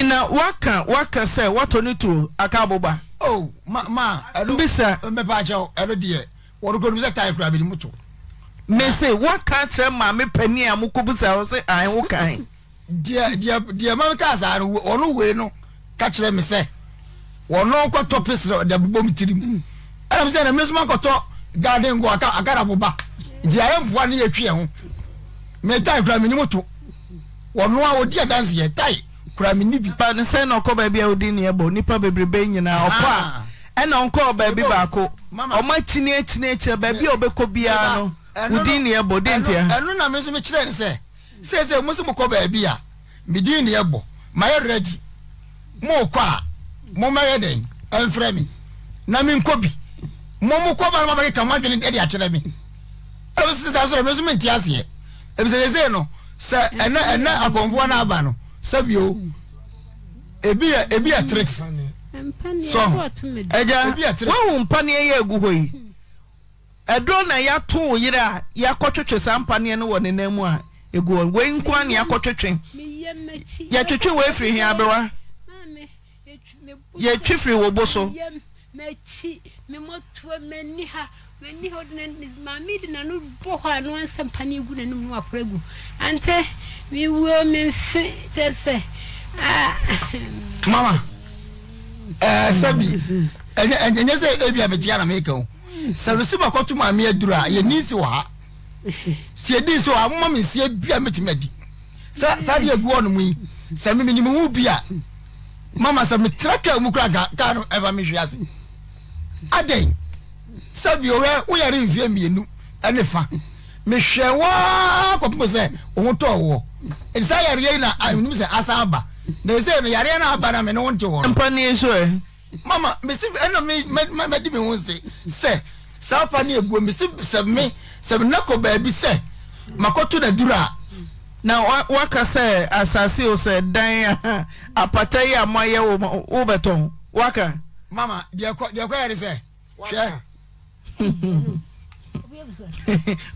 na waka waka sẹ wàtò ní tu aka aboba. o oh, ma ma ẹnu mbisa mbẹpẹ àkyẹw ẹnu diẹ wọn kò ní sẹ táyà kura bi ni mu tó. mèsè waka kyerẹ maame panyin a mo kó busa ọ sẹ àyìn wò kàn. diẹ diẹ diẹ maame ká asaare wọn wéé no ká kyerẹ mi sẹ wọn kọ tọ pèsè ọdẹ bọbọ mi tiri mu ẹnna mi sẹ ẹnna mi sọ ma kọ tọ garden go akara aboba diẹ ayé mpua ni yẹ twi ẹ ho mẹ táyà kura mi ni mu tó wɔn a odi adansi yɛ tae kura mi nibi. pa ne sɛn na ɔkɔ baabi a odi ne ɛbɔ nipa bebrebe nyinaa ɔkɔ a ɛna ah. ɔnkɔ baabi baako ɔmo akyini akyini akyini baabi a ɔbɛkɔ biara no odi ne ɛbɔ di ntia. ɛnu na mi nso mi kyerɛ ne sɛ sese mo nso mo kɔ baabi a mi di ne ɛbɔ ma yɛ rɛdi mo kɔ a mo ma yɛ dɛ ɛnfrɛ mi na mi nkɔ bi mo mo kɔ ba na ma bɛ kɛ kama adwene ɛdi akyerɛ mi ɛbi sisan sɔrɔ mi nso mi nti aseɛ ebi sɛ sese no. sɛ ɛnɛ ɛnɛ akɔnfoɔ no aba no sɛbio ebi yɛ ebi yɛ tricks so ɛgya wohu mpaneɛ yɛ agu hɔ yi hmm. ɛdɔ na yɛato wo yere a yɛakɔtwetwe saa mpaneɛ no wɔ ne nan mu a ɛgu hɔ wei nko a ne yɛakɔtwetwe yɛtwetwe wei firi hia abewa yɛtwi firi wɔ bo so mani hɔ dina maame de n'ano bɔ hɔ a no ansa mpane gu n'anim no apora gu antɛ mewuo memfe kyɛ sɛ ah, mama eh, sɛbi ɛnyɛ sɛ ebia mekyea na meka o sɛ resi makɔto maame aduru a yɛni si wɔ ha sie di si wɔ ha moma mensie bia mɛtumi adi sɛ saa deɛ agu hɔ no mu yi sɛ memenim wo bi a mama sɛ metera kaa mu kora kaa no ɛba mehwe ase adɛn sɛbi owɛ woyɛre mfie mmienu ɛne fa mehwɛ waa kɔpem sɛ ɔho tɔɔ wɔ ɛti saa yareɛ na menim sɛ asa aba na ɛsɛ no yareɛ no aba na mene wo nte wɔ mpane so ɛ mama mesi ɛna mɛdi me ho se sɛ saa pa ne aguo mesi sɛ me sɛ baabi sɛ makɔto na duru na waka sɛ asase o sɛ dan a apata yi a moayɛ wo wobɛtɔn waka mama deɛ kɔ yɛre sɛ hwɛ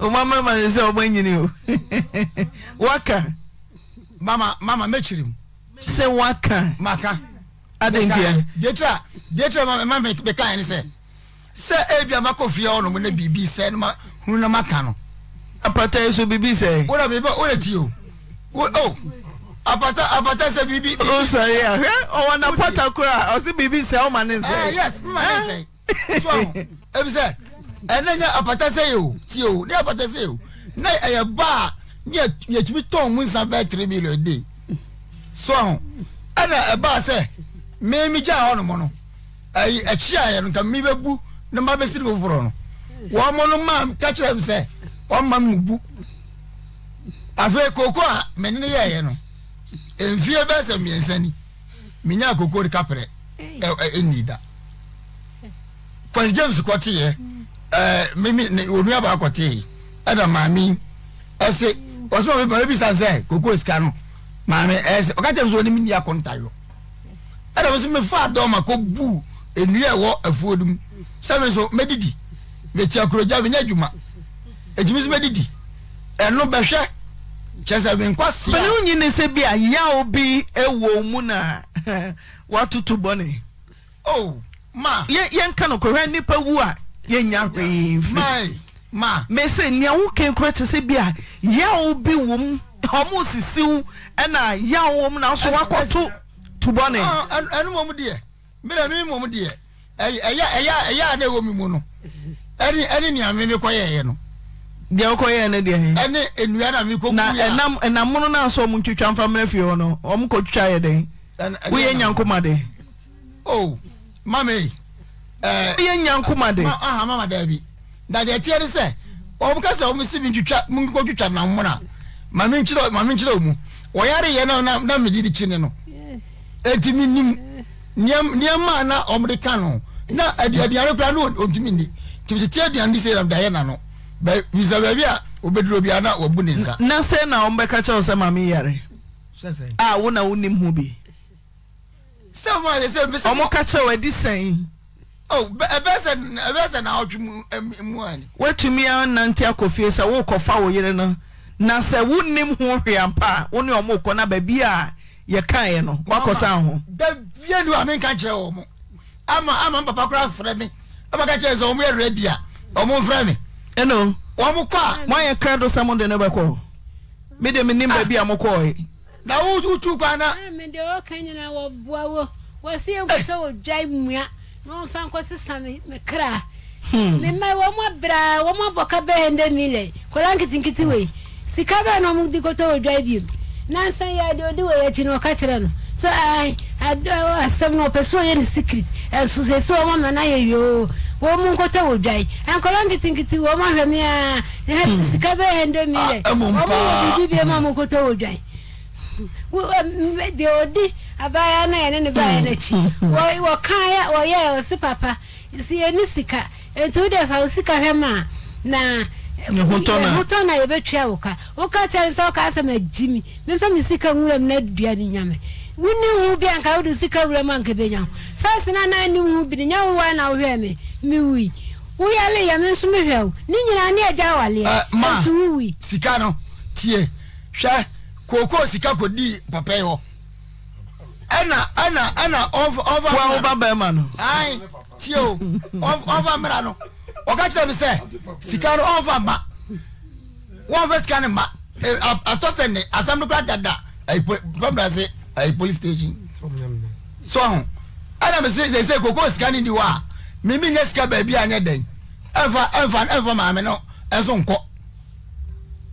ọmọọmọ ma ṣe ọmọ ẹnyini o waka. mama mama mechiri m. sẹ waka. maka. adantia. jetra jetra mama mama meka yẹn sẹ sẹ ebi amakọ fie ọ nọmọ ne biribi sẹ ẹnu ma hun na ma ka no. apata eso biribi sẹ. wọ́n bíbí o lè ti o o apata apata sẹ biribi. o sọrọ yà hẹ ọwọ na pata kura ọsí biribi sẹ ọma ne nsẹ. ẹ eh, yẹs mma ne nsẹ tí wọn ebi sẹ ɛnɛ nyɛ apata sɛ yi o ti o ne apata sɛ yi o na ɛyɛ ba a yɛtumi tɔn mu nsa bɛɛ tiri million de so ɛho ɛna ɛba sɛ mmɛmi gya hɔnom no ɛyi ɛkyi a yɛn nka mmi bɛ bu ne mma bɛ siri foforɔ no wɔn mo no maa ka mi sɛ wɔn ma mu bu afei koko a mɛni ne yɛɛyɛ no mfie bɛɛ sɛ mmiɛnsa ni menya koko de kaprɛ ɛni da kwasi james kɔ te yɛ mimi ne onua baako te yi ɛna maame ɛsɛ ɔsɛ ɔbɛ bɛ ebi san sɛ koko sika no maame ɛsɛ ɔka kyɛn so ɔne ni akɔnta yɔ ɛna mo so mi fa dɔn ma ko bu enua ɛwɔ afuo dum sɛbi so mɛ didi mɛ tia kuro gya mi nye adwuma etimi so mɛ didi ɛnu bɛhwɛ kyɛsɛ mi nkɔ si a. bɛn o nyina sɛ bi a yaw bi ɛwɔ mu na watutu bɔne. o oh, ma. yɛn yɛn kan no kɔhɛ nipa wu a. yɛnya hwee mfiri mese nea woke kora te sɛ bi a bi wɔ m ɔmo sisi ɛna wɔ m nanso ah, deɛ mmerɛ me deɛ ɛyɛ a na ɛwɔ me mu no ɛne nea me mekɔyɛeɛ no deɛ wokɔyɛɛ no deɛ ɛne nnua na mekɔna no ɔmo ntwitwa mfa mmerɛ fie hɔ no ɔmo kɔtwitwa yɛ dɛn woyɛ nyankoma oh, mame Eh. yɛ nya nkoma de. aha mama daabi na deɛ de sɛ wɔn kasa wɔn si mi twitwa mu nkɔ na mu na maame nkyerɛ maame nkyerɛ na na na no nneɛma na de ka no na aduane kura ni tibisi tiɛ aduane de sɛ na no bɛ bisa baabi a bi a na wabu ne nsa. na na sɛ a Oh, eh, eh, woatumi eh, anante akɔfie sɛ worekɔfa wo yere no na sɛ wonnim ho hwea mpa a wo ne ɔmo na baabi a yɛkaeɛ no woakɔ sa ho da a menka kyerɛ wɔ mo ama ama papa frɛ me kyerɛ sɛ ɔmo a ɔmo mfrɛ me ɛno ɔmo kɔ a moayɛ kra do sɛ mode no bɛkɔ mede menim ah. baabi a na wotu kwa na ah, mede wɔka nyina wɔboa wo wɔ na ɔmfa nkɔ sesa me kra hmm. mema wɔn abira wɔn abɔ kaba yɛn dɛ mi lɛ kɔla nketenkete wei sika bɛɛ na wɔn di kɔtɔ dwa bi nansan yɛ adi odi wɔ yɛ na ɔka kyerɛ no so ɛɛ asɛm na ɔpɛ so ɔyɛ ne secret ɛso sɛ sɛ wɔn ama yoo wɔn mu nkɔtɔ wɔ dwa yi nkɔla nketenkete wɔn ahwɛ mi aa hmm. sika bɛɛ yɛn dɛ mi lɛ ah, wɔn wɔ biribi bi mu a wɔn nkɔtɔ wɔ dwa yi deɛ ɔdi. abaayewa na yɛne hmm. ne baayɛ n'akyi wɔkaeɛ wɔyɛɛ ɔse papa yɛne sika nti wode fa wo sika hwɛ ma a na hotɔ na yɛbɛtua wo ka woka kyɛ sɛ woka asɛm agyi mi memfa me sika nwura m adua no nyame wonim ho bi anka wode sika wura mu anka bɛnya ho fis no ana nim ho bi ne nyɛ wowa na wohwɛ me mewui woyɛle yɛ me nso mehwɛ wo ne nyinaa ne agya awaleɛ ɛso wowi sika no tie hwɛ kookoo sika kɔdii papɛi hɔ ɛna ɛna ɛna ɔfa ɔfa mìíràn wa ɔba bɛrima no ayi tie o ɔfa mìíràn no ɔka kyerɛ mi sɛ sika no ɔfa ma wɔn fɛ sika ne ma e, atɔ sɛ ne asam kura dada ayi poli bambara se ayi poli station sɔhun ɛna mi se sese koko sika ni di wa mimi nye sika baabi a nye dɛn ɛnfa ɛnfa ɛnfa maame no ɛnso nkɔ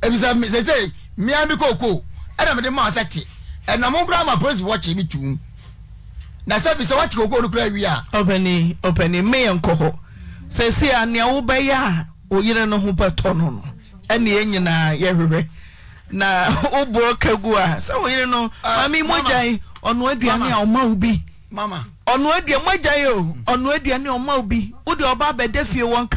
ebisa sese mmea mi kooko ɛna mi de maa sɛ tie. na nkura ama polisi wɔkye bi tum na sɛbi sɛ wɔkye koko nukura wi a. ɔpɛni ɔpɛni mmeyɛ nkɔ sɛsi a nea wobɛyɛ a oyere no ho bɛtɔ no no ɛna yɛn nyinaa yɛhwehwɛ na wobɔ kagu a sɛ oyere no maame mogya yi ɔno aduane a ɔma wo bi ɔno aduane mogya yi o ɔno aduane a ɔma wo bi ɔba abɛda fie wɔn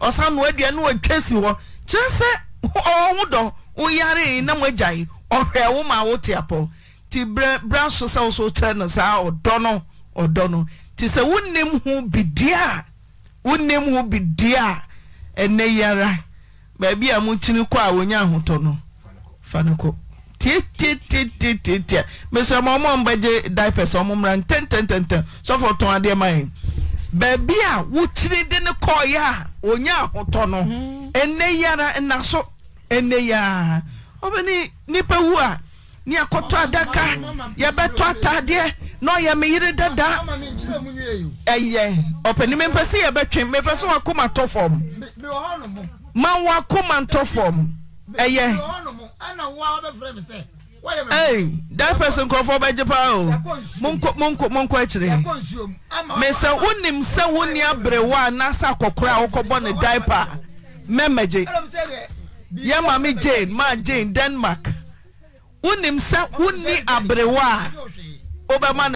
ɔsan no aduane wɔ kyerɛ sɛ ɔwɔ woyare na mogya yi ɔhwɛ wo ma wo te apɔ ti brɛ brɛ so sɛ woso kyerɛ no saa ɔdɔ no ɔdɔ no ti sɛ wonim ho bidie a wonim ho bidie a ɛnɛ yi ara baabi a mokyini kɔ a wonya ahotɔ no fa no kɔ tietietitietitia mesrɛ ma ɔmo mbɛgye diapers ɔmo mmra ntɛntɛntɛntɛn sɔfo tɔn adeɛ ma baabi a wokyini de ne kɔɔyɛ a wonya ahotɔ no hmm. ɛnɛ yi ara so ɛnɛ yi ɔbɛni nipa wu a ni akɔtɔ adaka yɛbɛtɔ ataadeɛ na ɔyɛ me yere dada ɛyɛ ɔpɛni mi mpɛ sɛ yɛbɛtwe mi mpɛ sɛ tɔ fam ma wɔn akoma ntɔ fam ɛyɛ ɛy that person nkurɔfoɔ bɛgye paa o monkɔ monkɔ monkɔ akyire mesɛ wonim sɛ wonni aberewa anaasɛ akɔkora a wokɔbɔ ne diaper mɛmɛgye yɛ maame jane maa jane denmark wonim sɛ wonni aberewa a